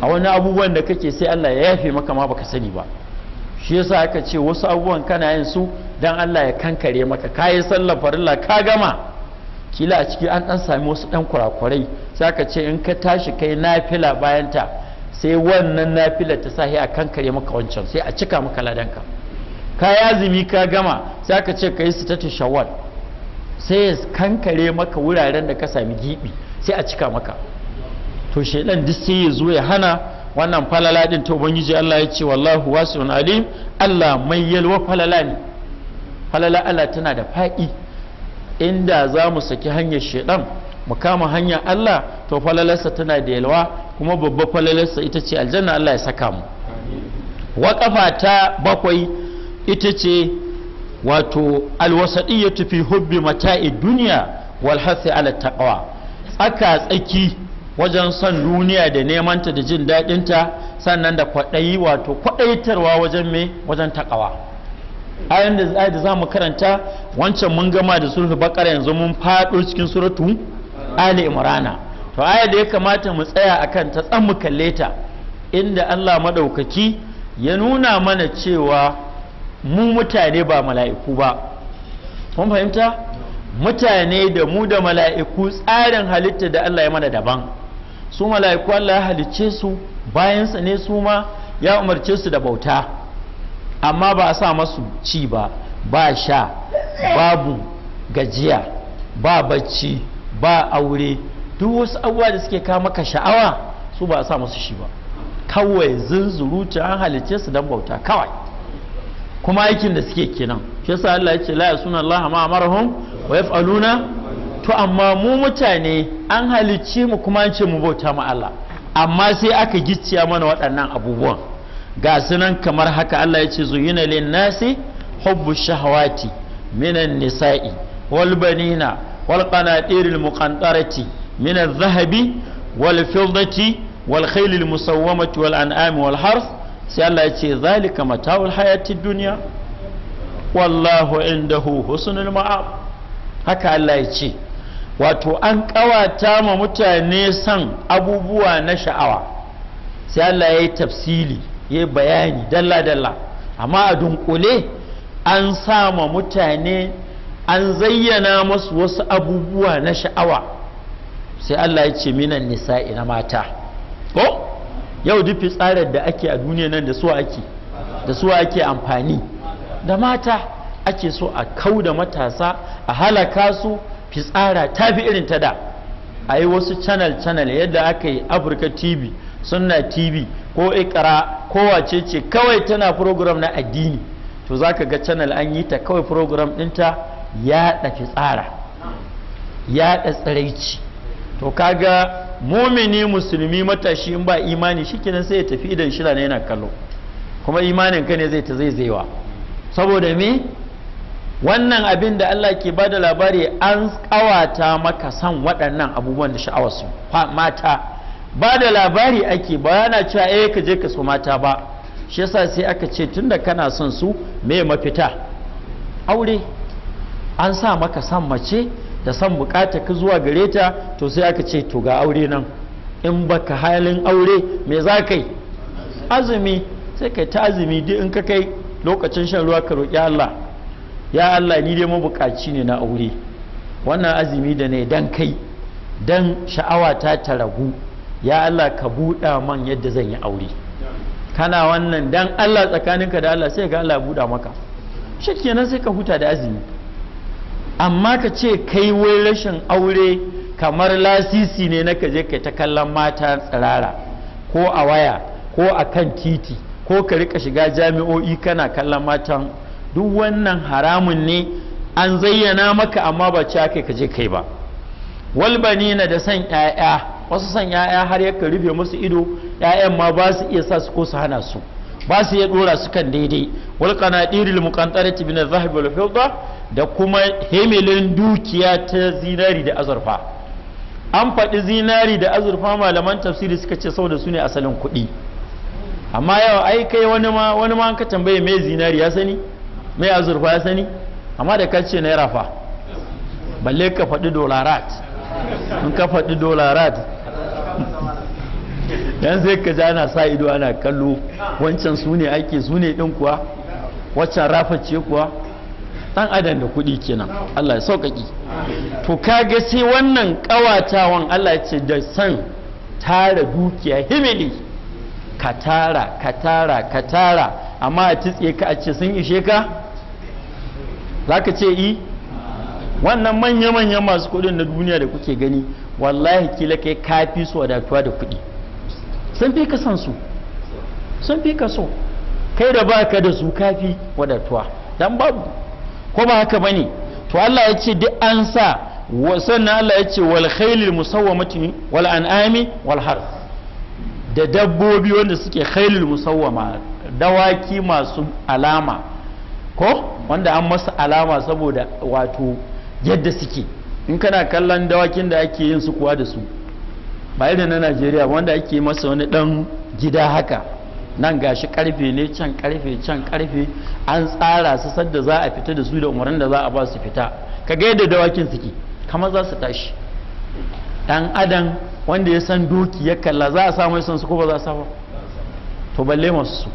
a wani abubuwan da kake sai Allah ya yafe maka ma baka sani ba shi yasa aka ce wasu abubuwan kana yin su dan Allah ya kankare maka kayi sallar farilla ka gama kila a ciki an dan sami wasu dan kurakurai sai aka ce in ka tashi kai nafila bayan ta sai wannan nafila ta sahi a kankare maka wancan sai a cika maka ladanka ka yazimi ka gama sai aka ce kai ta shawwal sai kankare maka wuraren da ka sami gibi sai a cika maka to shaidan duk sai ya zo ya hana wannan falala din ta ubangiji Allah ya ce wallahu wasi'un alim Allah mai yalwa falala ne falala Allah tana da faɗi inda za mu saki hanyar shaidan mu kama hanyar Allah to falalarsa tana da yalwa kuma babba falalarsa ita ce aljanna Allah ya saka mu waƙafa ta bakwai ita ce wato alwasaɗiyyatu fi hubbi mata'i duniya wal hasi ala taqwa tsaka tsaki wajen son duniya da nemanta da jin daɗinta sannan da kwaɗayi wato kwaɗaitarwa wajen me wajen takawa ayan da ayan da zamu karanta wancan mun gama da sulhu bakara yanzu mun faɗo cikin suratu ali imrana to aya da ya kamata mu tsaya akan ta tsan mu kalle ta inda Allah madaukaki ya nuna mana cewa mu mutane ba mala'iku ba kun fahimta mutane da mu da mala'iku tsarin halitta da Allah ya mana daban su mala'iku Allah ya halicce su bayansa ne su ma ya umarce su da bauta amma ba a sa masu ci ba ba sha babu gajiya ba bacci ba aure duk wasu abubuwa da suke kawo maka sha'awa su ba a sa masu shi ba kawai zunzuruta an halicce su dan bauta kawai kuma aikin da suke kenan shi yasa Allah ya ce la yasuna Allah ma amarahum wa yaf'aluna to amma mu mutane an halicci mu kuma an ce mu bauta ma Allah amma sai aka gicciya mana waɗannan abubuwan ga sunan kamar haka Allah ya ce zuyina lin nasi hubbu shahawati minan nisa'i wal banina wal qanatiril muqantarati min adh-dhahabi wal fiddati wal khaylil musawwamati wal an'ami wal harth sai Allah ya ce zalika mata'ul hayatid dunya wallahu indahu husnul ma'ab haka Allah ya ce wato an ƙawata ma mutane son abubuwa na sha'awa sai Allah ya yi tafsili ya yi bayani dalla-dalla amma a dunkule an sa ma mutane an zayyana masu wasu abubuwa na sha'awa sai Allah ya ce minan nisa'i na mata ko yau duk tsarin da ake a duniya nan da su ake da su ake amfani da mata ake so a kau da matasa a halaka su fitsara ta fi irin ta da a yi wasu channel channel yadda aka yi afirka tv suna tv ko ikara ko wace ce kawai tana program na addini to za ka ga channel an yi ta kawai program ɗinta yaɗa fitsara yaɗa tsiraici to kaga mumini musulmi matashi in ba imani shikenan sai ya tafi idan shila na yana kallo kuma imanin ka ne zai ta zai zaiwa saboda me wannan abin da Allah ke ba da labari an kawata maka san waɗannan abubuwan da sha'awarsu mata ba da labari ake ba yana cewa eh ka je ka so mata ba shi yasa sai aka ce tunda kana son su me mafita aure an sa maka san mace da san bukata ka zuwa gare ta to sai aka ce to ga aure nan in baka halin aure me za ka yi azumi sai kai ta azumi duk in ka kai lokacin shan ruwa ka roƙi Allah ya Allah ni dai mabukaci ne na aure wannan azumi da ne dan kai dan sha'awa ta ta ragu ya Allah ka buɗa man yadda zan yi aure kana wannan dan Allah tsakaninka da Allah sai ga Allah buɗa maka shikenan sai ka huta da azumi amma ka ce kai wai rashin aure kamar lasisi ne na kaje kai ta kallon mata tsirara ko a waya ko a kan titi ko ka rika shiga jami'o'i kana kallon matan duk wannan haramun ne an zayyana maka amma ba ci aka kaje kai ba na da san yaya wasu san yaya har yaka rufe musu ido ya'yan ma ba su iya sa su ko su hana su ba su iya dora su kan daidai wal qanadiril muqantarati min adh wal fidda da kuma himilin dukiya ta zinari da azurfa an faɗi zinari da azurfa malaman tafsiri suka ce saboda su ne asalin kuɗi amma yau ai kai wani ma wani ma an ka tambaye me zinari ya sani mai azurfa ya sani amma da ka ce naira fa balle ka faɗi dolarat in ka faɗi dolarat dan zai ka ana sa ido ana kallo wancan su ne ake su ne ɗin kuwa waccan rafa kuwa ɗan adam da kuɗi kenan Allah ya sauƙaƙi to kaga sai wannan ƙawatawan Allah ya ce da san tara dukiya himili ka tara ka tara ka tara amma a titse ka a ce sun ishe ka za ka ce i wannan manya-manyan masu kudin na duniya da kuke gani wallahi kila kai kafi su wadatuwa da kudi sun fi ka san su sun fi ka so kai da baka da su kafi wadatuwa dan babu ko ba haka bane to Allah ya ce duk an sa sannan Allah ya ce wal khailil musawwamati wal an'ami wal har da dabbobi wanda suke khailil musawwama dawaki masu alama ko wanda an masa alama saboda wato yadda suke in kana kallon dawakin da ake yin su kuwa da su ba da na najeriya wanda ake masa wani dan gida haka nan gashi karfe ne can karfe can karfe an tsara su sadda za a fita da su da umarnin da za a ba su fita ka ga yadda dawakin suke kamar za su tashi dan adam wanda ya san doki ya kalla za a samu san su ko ba za a samu to balle masu su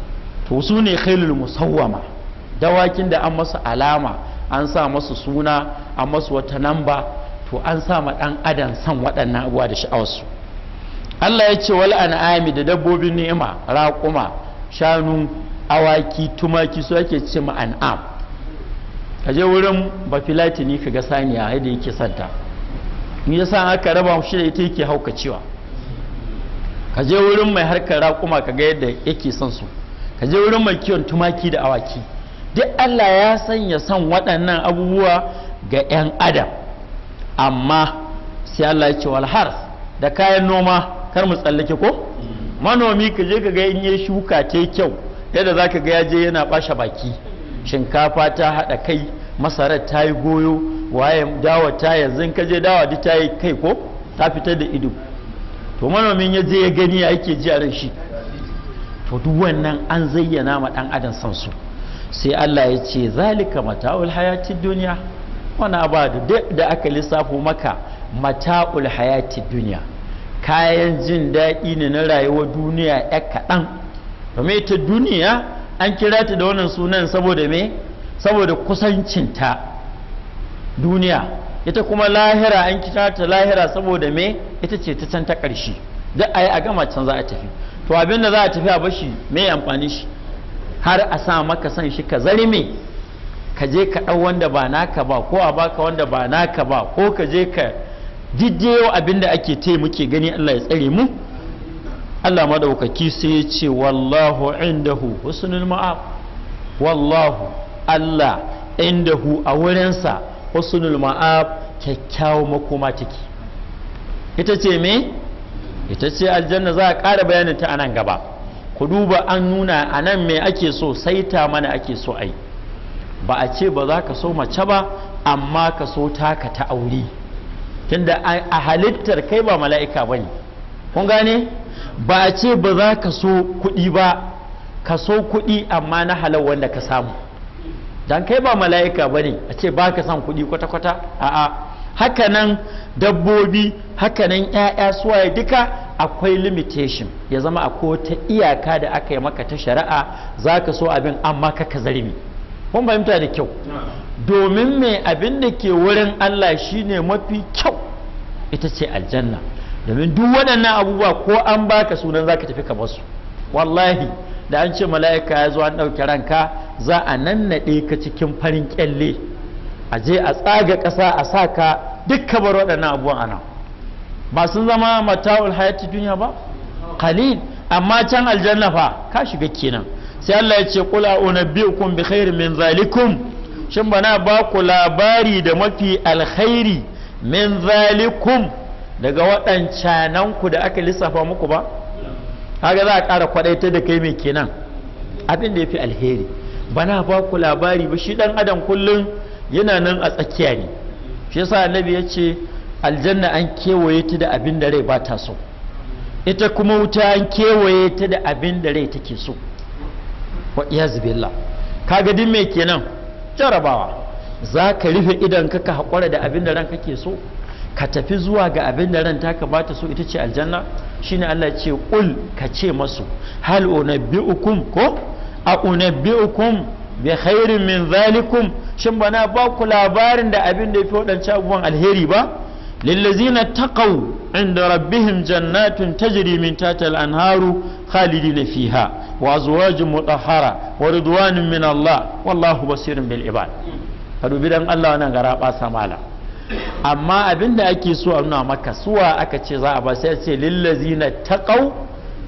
to su ne khailul musawwama dawakin da an masu alama an sa masu suna an masu wata namba to an sa ma dan adam san waɗannan abuwa da sha'awarsu Allah ya ce wala an'ami da dabbobin ni'ima raƙuma shanu awaki tumaki su ake ce ma an'am ka je wurin bafilatini ka ga saniya yadda yake santa ni yasa aka raba shi da ita yake haukacewa ka je wurin mai harkar raƙuma ka ga yadda yake son su ka je wurin mai kiwon tumaki da awaki duk Allah ya sanya son waɗannan abubuwa ga 'yan adam amma sai Allah ya ce walhar da kayan noma kar mu tsallake ko manomi ka je ka ga in ya shuka ta kyau yadda za ka ga ya je yana ɓashe baki shinkafa ta haɗa kai masarar ta yi goyo waye dawa ta yanzu ka je dawa duk ta yi kai ko ta fitar da ido to manomin ya je ya gani ake ji a ran shi to duk wannan an zayyana ma ɗan adam san su sai Allah ya ce zalika mata'ul hayatid duniya wana ba da da aka lissafo maka mata'ul hayatid duniya kayan jin daɗi ne na rayuwar duniya ya kaɗan domin ita duniya an kira ta da wannan sunan saboda me saboda kusancinta duniya ita kuma lahira an kira ta lahira saboda me ita ce ta can ta ƙarshe duk a yi a gama can za a tafi to abinda za a tafi a bashi me amfani shi har a sa maka son shi ka zarme ka je ka ɗau wanda ba naka ba ko a baka wanda ba naka ba ko ka je ka jijjewa abin da ake te muke gani Allah ya tsare mu Allah madaukaki sai ya ce wallahu indahu husnul ma'ab wallahu Allah indahu a wurinsa husnul ma'ab kyakkyawan makoma take ita ce me ita ce aljanna za a ƙara bayanin ta anan gaba ku duba an nuna a nan me ake so sai ta mana ake so ai ba a ce ba za ka so mace ba amma ka so taka ta aure tunda a halittar kai ba mala'ika ba ne kun gane ba a ce ba za ka so kuɗi ba ka so kuɗi amma na halar wanda ka samu dan kai ba mala'ika ba ne a ce ba ka son kuɗi kwata-kwata a'a hakanan dabbobi hakanan 'ya'ya suwaye duka akwai limitation ya zama akwai ta iyaka da aka yi maka ta shari'a za ka so abin amma ka ka zarimi kun fahimta da kyau domin mai abin da ke wurin Allah shine mafi kyau ita ce aljanna domin duk waɗannan abubuwa ko an baka sunan za ka tafi ka basu wallahi da an ce mala'ika ya zo an ɗauki ranka za a nannaɗe ka cikin farin ƙyalle a je a tsaga ƙasa a sa ka duk ka bar waɗannan abubuwan nan ba sun zama mata'ul hayati duniya ba qalil amma can aljanna fa ka shiga kenan sai Allah ya ce qul a'unabbiukum bi khair min zalikum shin bana ba ku labari da mafi alkhairi min zalikum daga waɗancanan ku da aka lissafa muku ba kaga za a ƙara kwadaita da kai mai kenan abin da yafi alheri bana ba ku labari ba shi ɗan adam kullum yana nan a tsakiya ne shi yasa annabi ya ce aljanna an kewaye ta da abin da rai ba ta so ita kuma wuta an kewaye ta da abin da rai take so wa iyazu ka kaga din me kenan jarabawa za ka rufe idan ka haƙura da abin da ran kake so ka tafi zuwa ga abin da ran ta ba so ita ce aljanna shine Allah ce kul ka ce masu hal unabbiukum ko a unabbiukum bi khairin min zalikum shin bana ba ku labarin da abin da yafi wadancan abubuwan alheri ba lillazina taqaw inda jannatin jannatun tajri min tahtiha al-anharu khalidina fiha wa azwajun mutahhara wa ridwanun min Allah wallahu basirun bil ibad ka dubi dan Allah wannan gara ba samala amma abinda ake so a nuna maka suwa aka ce za a ba sai ce lillazina taƙau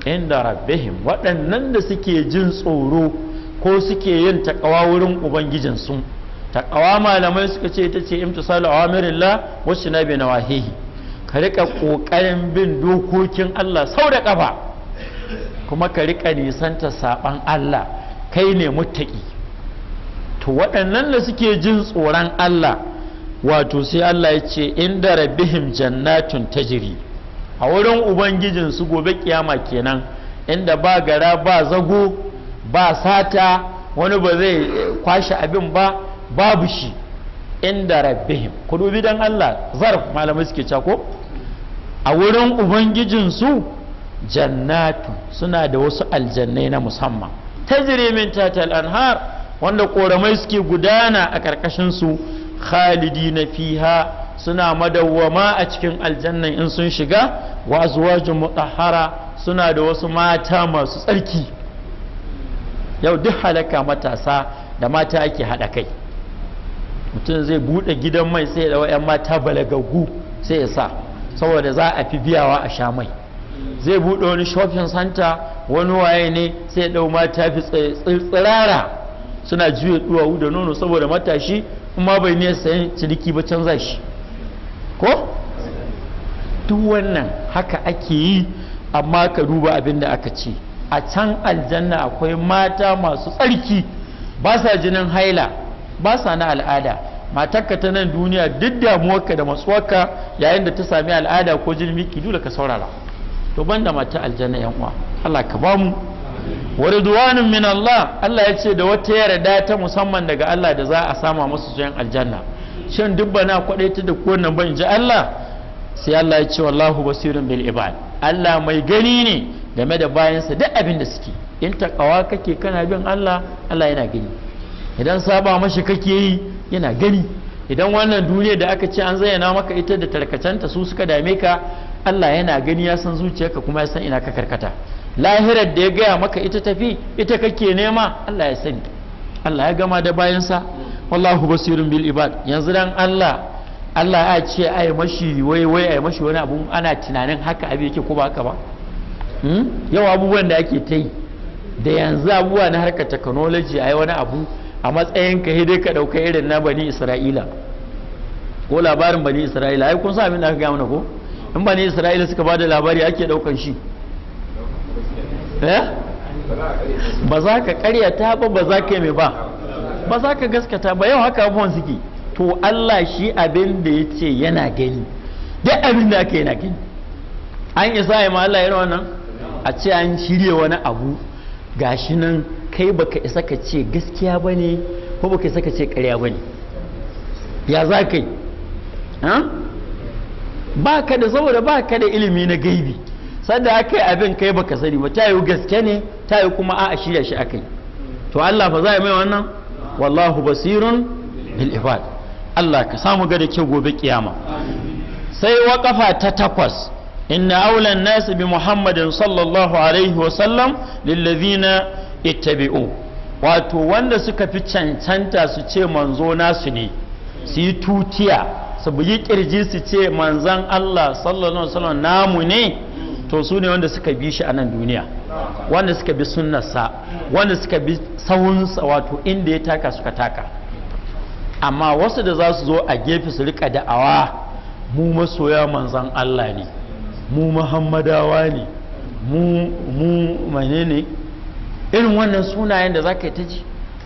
inda rabbihim waɗannan da suke jin tsoro ko suke yin takawa wurin ubangijinsu ƙawa malamai suka ce ita ce imtisalu awamirillah wasu bin wahihi ka rika ƙoƙarin bin dokokin Allah sau da kafa kuma ka rika nisanta saɓan Allah kai ne muttaki to waɗannan da suke jin tsoron Allah wato sai Allah ya ce inda rabbihim jannatun jiri a wurin ubangijin su gobe kiyama kenan inda ba gara ba zago ba sata wani ba zai kwashe abin ba babu shi inda rabbihim ku dubi dan Allah zarf malamai suke cewa ko a wurin ubangijin su jannatu suna da wasu aljannai na musamman tajri min tatal anhar wanda koramai suke gudana a karkashin su khalidina fiha suna madawwama a cikin aljannan in sun shiga wa azwajun mutahhara suna da wasu mata masu tsarki yau duk halaka matasa da mata ake haɗa kai mutum zai buɗe gidan mai sai da wa'yan mata balagaggu sai ya sa saboda za a fi biyawa a sha mai zai buɗe wani shopping center wani waye ne sai ya ɗau mata fi tsirara suna juya duwawu da nono saboda matashi in ma bai ne sayan ciniki ba canza shi ko duk wannan haka ake yi amma ka duba abin da aka ce a can aljanna akwai mata masu tsarki ba sa jinin haila ba sa na al'ada matarka ta nan duniya duk damuwarka da matsuwarka yayin da ta sami al'ada ko jin miki dole ka saurara to banda mata aljanna yan uwa Allah ka ba mu wa ridwanun min Allah Allah ya ce da wata yarda ta musamman daga Allah da za a sama musu jin aljanna shin duk bana ta da kowannan ban ji Allah sai Allah ya ce wallahu basirun bil ibad Allah mai gani ne game da bayansa duk abin da suke in ta kawa kake kana bin Allah Allah yana gani idan saba mashi kake yi yana gani idan wannan duniya da aka ce an zayyana maka ita da tarkacenta su suka dame ka Allah yana gani ya san zuciyarka kuma ya san ina ka karkata lahirar da ya gaya maka ita tafi ita kake nema Allah ya sani Allah ya gama da bayansa wallahu basirun bil ibad yanzu dan Allah Allah ya ce ai mashi wai wai ai mashi wani abu ana tunanin haka abi yake ko ba haka ba hmm? yawa abubuwan da ake ta yi da yanzu abubuwa na harkar technology ai wani abu a matsayin ka dai ka dauka irin na bani isra'ila ko labarin bani isra'ila ai kun sami abin da aka gaya ko in bani isra'ila suka ba da labari ake daukan shi eh? ba za ka karyata ba ba za ka yi ba ba za ka gaskata ba yau haka abubuwan suke to Allah shi abin da ya ce yana gani duk abin da aka yana gani an isa ya ma Allah yana wannan a ce an shirya wani abu Ga shi nan kai baka isa ka ce gaskiya ba ne ko baka isa ka ce karya ba ne ya za ka yi ba ka da saboda ba ka da ilimi na gaibi sanda aka yi abin kai baka sani ba ta yi gaske ne ta yi kuma a shirya shi aka yi to Allah fa za ya mai wannan wallahu basirun bil ibad Allah ka samu ga da kyau gobe kiyama sai kafa ta takwas إن أولى الناس بمحمد صلى الله عليه وسلم للذين اتبعوه wato wanda suka fi cancanta su ce manzo nasu ne su yi tutiya su buyi kirji su ce manzan Allah sallallahu alaihi wasallam namu ne to su ne wanda suka bi shi a nan duniya wanda suka bi sunnarsa wanda suka bi sahunsa wato inda ya taka suka taka amma wasu da za su zo a gefe su rika da'awa mu masoya manzan Allah ne mu muhammadawa ne mu manene irin wannan sunayen da za ka yi ta ji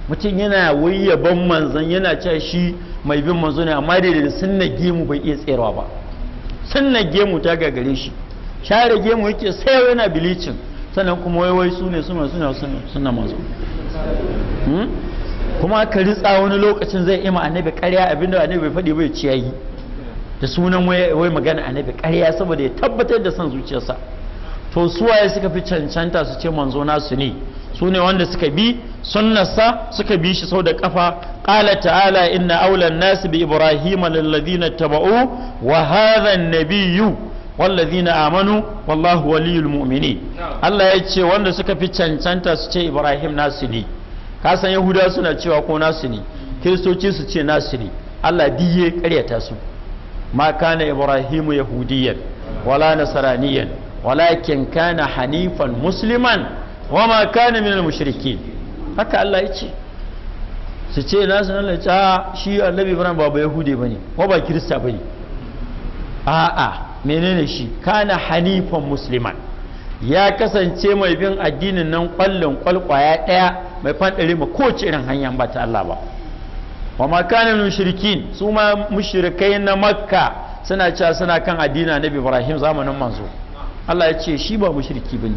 mutum yana wayyaban manzan yana cewa shi mai bin manzo ne amma da da sunna gemu bai iya tserawa ba sunna gemu ta gagare shi share gemu yake sai yana bilicin sannan kuma wai su ne suna suna suna manzo hmm? kuma ka ritsa wani lokacin zai ima annabi karya abinda annabi bai faɗi bai ciyayi da sunan wai magana annabi ƙarya saboda ya tabbatar da son zuciyarsa to suwaye suka fi cancanta su ce manzo nasu ne su ne wanda suka bi sunnarsa suka bi shi sau da kafa ƙala ta'ala inna aulan nasu bi ibrahim lalladina taba'u wa hadha nabiyyu wallazina amanu wallahu waliyul mu'minin Allah ya ce wanda suka fi cancanta su ce ibrahim nasu ne ka san yahudawa suna cewa ko nasu ne kiristoci su ce nasu ne Allah diye ƙaryata su ma kana ibrahimu yahudiyan wala nasraniyan walakin kana hanifan musliman wa ma kana minal mushrikin haka Allah ya ce su ce nasu nan ta shi annabi ibrahim ba ba bane ko ba kirista bane a'a menene shi kana hanifan musliman ya kasance mai bin addinin nan kwallon kwalkwaya daya mai fadare ma kowace irin hanya ba ta Allah ba wa makanin mushrikin su ma mushrikai na makka suna cewa suna kan addini nabi ibrahim zamanin manzo Allah ya ce shi ba mushriki bane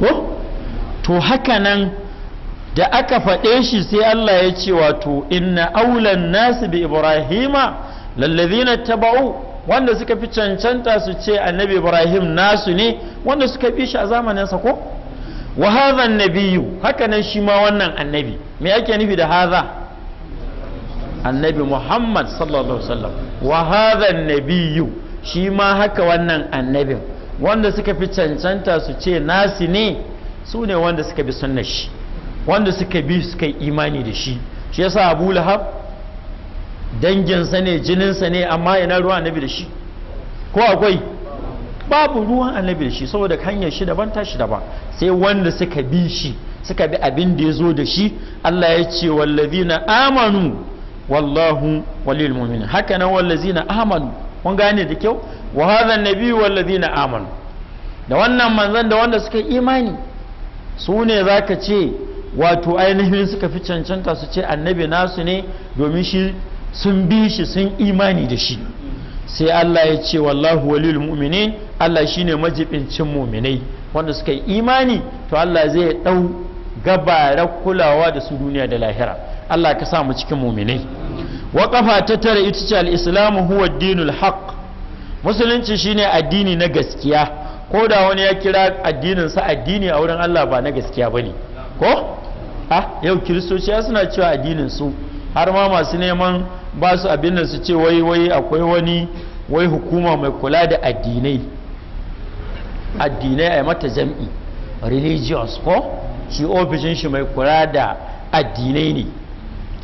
ko to haka nan da aka faɗe shi sai Allah ya ce wato inna aulan nasu bi ibrahima lallazina taba'u wanda suka fi cancanta su ce annabi ibrahim nasu ne wanda suka bi shi a zamaninsa ko wa hadha nabiyyu haka nan shi ma wannan annabi me ake nufi da hadha annabi muhammad sallallahu alaihi wasallam wa hadha nabiyyu shi ma haka wannan annabin wanda suka fi cancanta su ce nasi ne su ne wanda suka bi sunnar shi wanda suka bi suka yi imani da shi shi yasa abu lahab danginsa ne jininsa ne amma ina ruwa annabi da shi ko akwai babu ruwan annabi da shi saboda hanyar shi daban tashi daban sai wanda suka bi shi suka bi abin da ya zo da shi Allah ya ce wallazina amanu wallahu Walil mu'minin haka nan wallazina amanu kun gane da kyau wa hadha an-nabi wallazina amanu da wannan manzon da wanda suka imani su ne zaka ce wato ainihin suka fi cancanta su ce annabi nasu ne domin shi sun bi shi sun imani da shi sai Allah ya ce wallahu waliyul mu'minin Allah shine majibincin mu'minai wanda suka yi imani to Allah zai dau gabara kulawa da su duniya da lahira Allah ka sa mu cikin mu'minai waƙafa ta tara ita ce al'islamu huwa dinul haq musulunci shine addini na gaskiya ko da wani ya kira addininsa addini a wurin Allah ba na gaskiya ba ne ko? Ah, yau kiristoci suna cewa addininsu har ma masu neman ba su abin da su ce wai wai akwai wani wai hukuma mai kula da addinai addinai a mata jam'i religious ko shi ofishin shi mai kula da addinai ne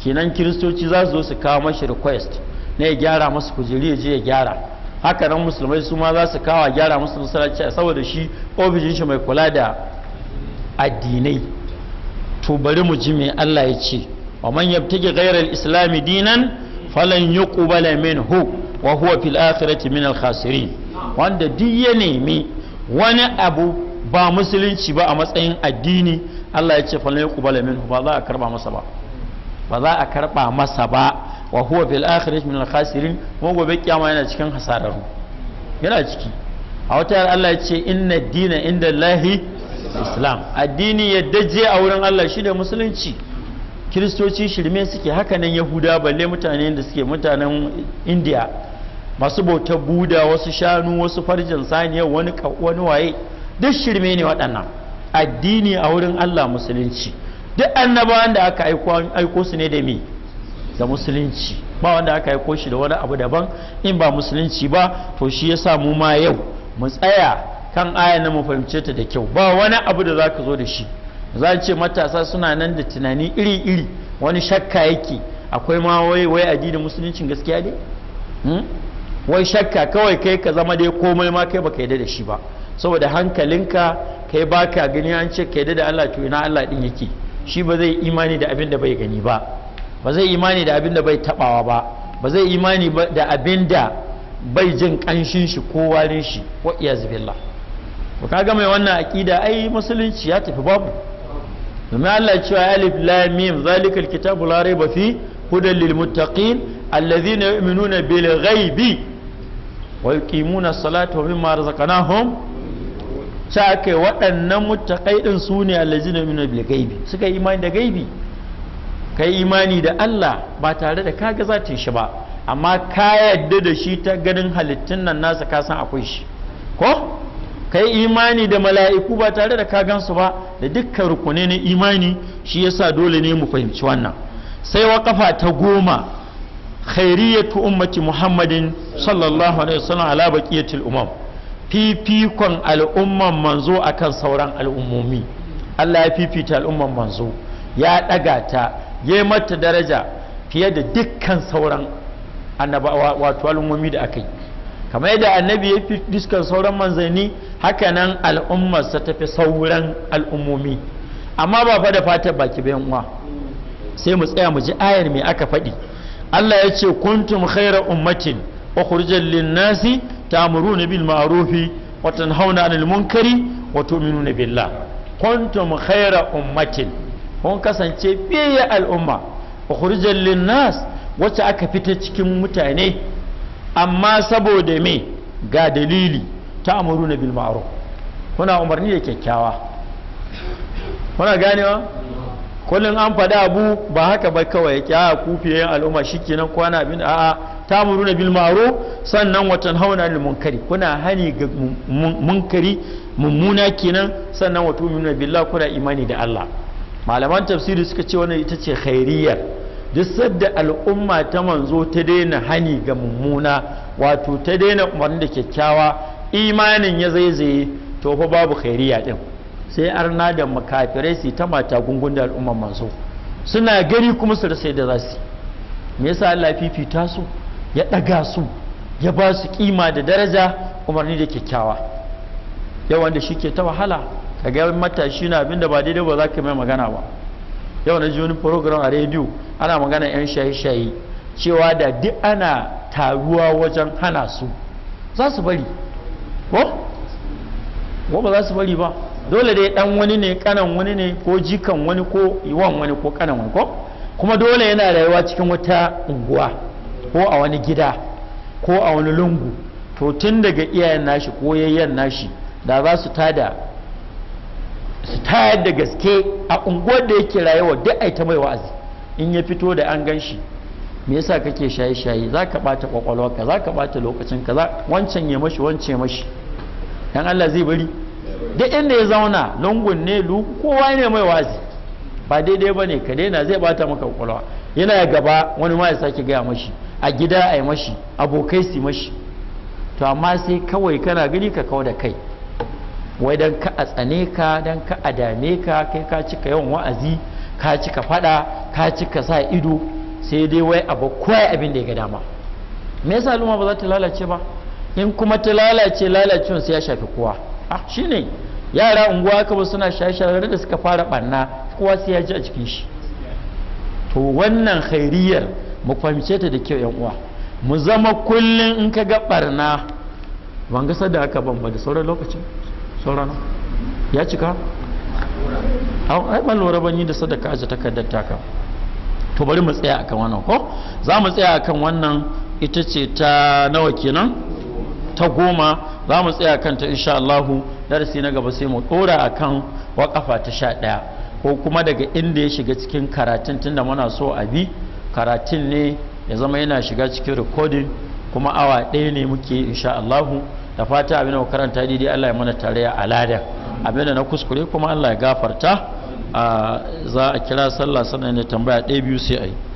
kenan kiristoci za su zo su kawo mashi request na ya gyara masu kujeri ya je ya gyara haka nan musulmai su ma za su kawo gyara musu masallaci saboda shi ofishin shi mai kula da addinai to bari mu ji me Allah ya ce wa man yabtaki ghayra al-islam dinan falan yuqbala minhu wa huwa fil akhirati min al wanda duk ya nemi wani abu ba musulunci ba a matsayin addini Allah ya ce falan yuqbala minhu ba za a karba masa ba ba za a karɓa masa ba wa huwa fil akhirati min al khasirin mu gobe kiyama yana cikin hasararru yana ciki a wata yar Allah ya ce inna dina inda lahi islam addini yadda je a wurin Allah shi da musulunci kiristoci shirme suke nan yahuda balle mutane da suke mutanen indiya masu bautar buda wasu shanu wasu farjin saniya wani wani waye duk shirme ne waɗannan addini a wurin Allah musulunci duk annabawan da aka aiko su ne da mi da musulunci ba wanda aka aiko shi da wani abu daban in ba musulunci ba to shi yasa mu ma yau mu tsaya kan aya na mu fahimce ta da kyau ba wani abu da za ka zo da shi za ce matasa suna nan da tunani iri-iri wani shakka yake akwai ma wai wai addinin musuluncin gaskiya ne hmm? wai shakka kawai kai ka zama dai komai ma kai baka yadda da shi ba saboda hankalinka kai baka gani an ce ka yadda da Allah to ina Allah din yake shi ba zai imani da abin da bai gani ba ba zai imani da abin da bai tabawa ba ba zai imani da abin da bai jin kanshin shi ko warin shi wa iyaz billah ba kaga mai wannan aƙida ai musulunci ya tafi babu domin Allah cewa alif lam zalikal kitabu la raiba fi hudan lil muttaqin alladhina yu'minuna bil ghaibi wa yuqimuna as-salata wa mimma razaqnahum sai aka yi waɗannan mutakai ɗin su ne allazina min bil gaibi suka yi imani da gaibi kai imani da Allah ba tare da kaga zatin shi ba amma ka yadda da shi ta ganin halittun nan nasa ka san akwai shi ko kai imani da mala'iku ba tare da ka gansu ba da dukkan rukuni na imani shi yasa dole ne mu fahimci wannan sai waqafa ta goma khairiyatu ummati muhammadin sallallahu alaihi wasallam ala baqiyatil umam fifikon al'umman manzo akan sauran al'ummomi Allah ya fifita al'umman manzo ya ɗaga ta ya mata daraja fiye da dukkan sauran annaba wato al'ummomi da aka yi kamar yadda annabi ya fi dukkan sauran manzanni haka nan al'ummarsa ta fi sauran al'ummomi amma ba fa da fata baki bayan uwa sai mu tsaya mu ji ayar me aka faɗi Allah ya ce kuntum khaira ummatin ukhrijal lin-nasi ta'muruna bil ma'rufi wa tanhauna 'anil munkari wa tu'minuna billah kuntum khayra ummatin kun kasance fiye al'umma ukhrijal lin nas wacce aka fita cikin mutane amma saboda mai ga dalili ta'muruna bil ma'ruf kuna umarni da kyakkyawa kuna ganewa kullum an faɗa abu ba haka ba kawai ya kufiye al'umma shikenan kwana bin a'a tamuruna bil ma'ruf sannan wa tanhauna lil munkari kuna hani ga munkari mummuna kenan sannan wa tu'minuna billahi kuna imani da Allah malaman tafsiri suka ce wannan ita ce khairiyar duk sadda al'umma ta manzo ta daina hani ga mummuna wato ta daina umarni da kyakkyawa imanin ya zaizaye to fa babu khairiyya din sai arna da makafirai su ta mata gungun da al'umman manzo suna gari kuma su rasa da za su me yasa Allah fifita su ya ɗaga su ya ba su kima da daraja umarni da kyakkyawa yawan da shi ke ta wahala ka ga matashi na abinda ba daidai ba za ka mai magana ba yau na ji wani program a rediyo ana magana 'yan shaye-shaye cewa da duk ana taruwa wajen hana su za su bari ko? ko ba za su bari ba dole dai dan wani ne kanan wani ne ko jikan wani ko iwan wani ko kanan wani ko kuma dole yana rayuwa cikin wata unguwa ko a wani gida ko a wani lungu to tun daga iyayen nashi ko yayyen nashi da za su tada su tayar da gaske a unguwar da yake rayuwa duk ai ta mai wa'azi in ya fito da an gan shi me yasa kake shaye-shaye za ka kwakwalwa ka za ka lokacin ka za wancan ya mashi wancan ya mashi dan Allah zai bari duk inda ya zauna lungun ne lu kowa ne mai wa'azi ba daidai ba ne ka daina zai bata maka kwakwalwa yana gaba wani ma ya sake gaya mashi a gida a yi mashi abokai su mashi to amma sai kawai kana gani ka kawo da kai wai don ka a tsane ka don ka a dame ka kai ka cika yawan wa'azi ka cika fada ka cika sa ido sai dai wai abu koya abin da ya ga dama me yasa luma ba za ta lalace ba in kuma ta lalace lalacewa sai ya shafi kowa ah shine yara unguwa ka ba suna shaye da suka fara ɓarna kowa sai ya ji a cikin shi to wannan khairiyar mu fahimce ta da kyau yan uwa mu zama kullum in ka ga barna ban ga da aka ban ba da sauran lokacin sauran ya cika A ai ban lura ban yi da sadaka aje takardar taka to bari mu tsaya akan wannan ko za mu tsaya akan wannan ita ce ta nawa kenan ta goma za mu tsaya ta insha Allah darasi na gaba sai mu dora akan wakafa ta sha ɗaya ko kuma daga inda ya shiga cikin karatun tunda muna so a bi karatun ne ya zama yana shiga cikin rikodin kuma awa ɗaya ne muke insha Allahu da fata abin da karanta daidai Allah ya mana tarayya a ladan abin da na kuskure kuma Allah ya gafarta za a kira sallah sannan ne tambaya ɗaya biyu sai a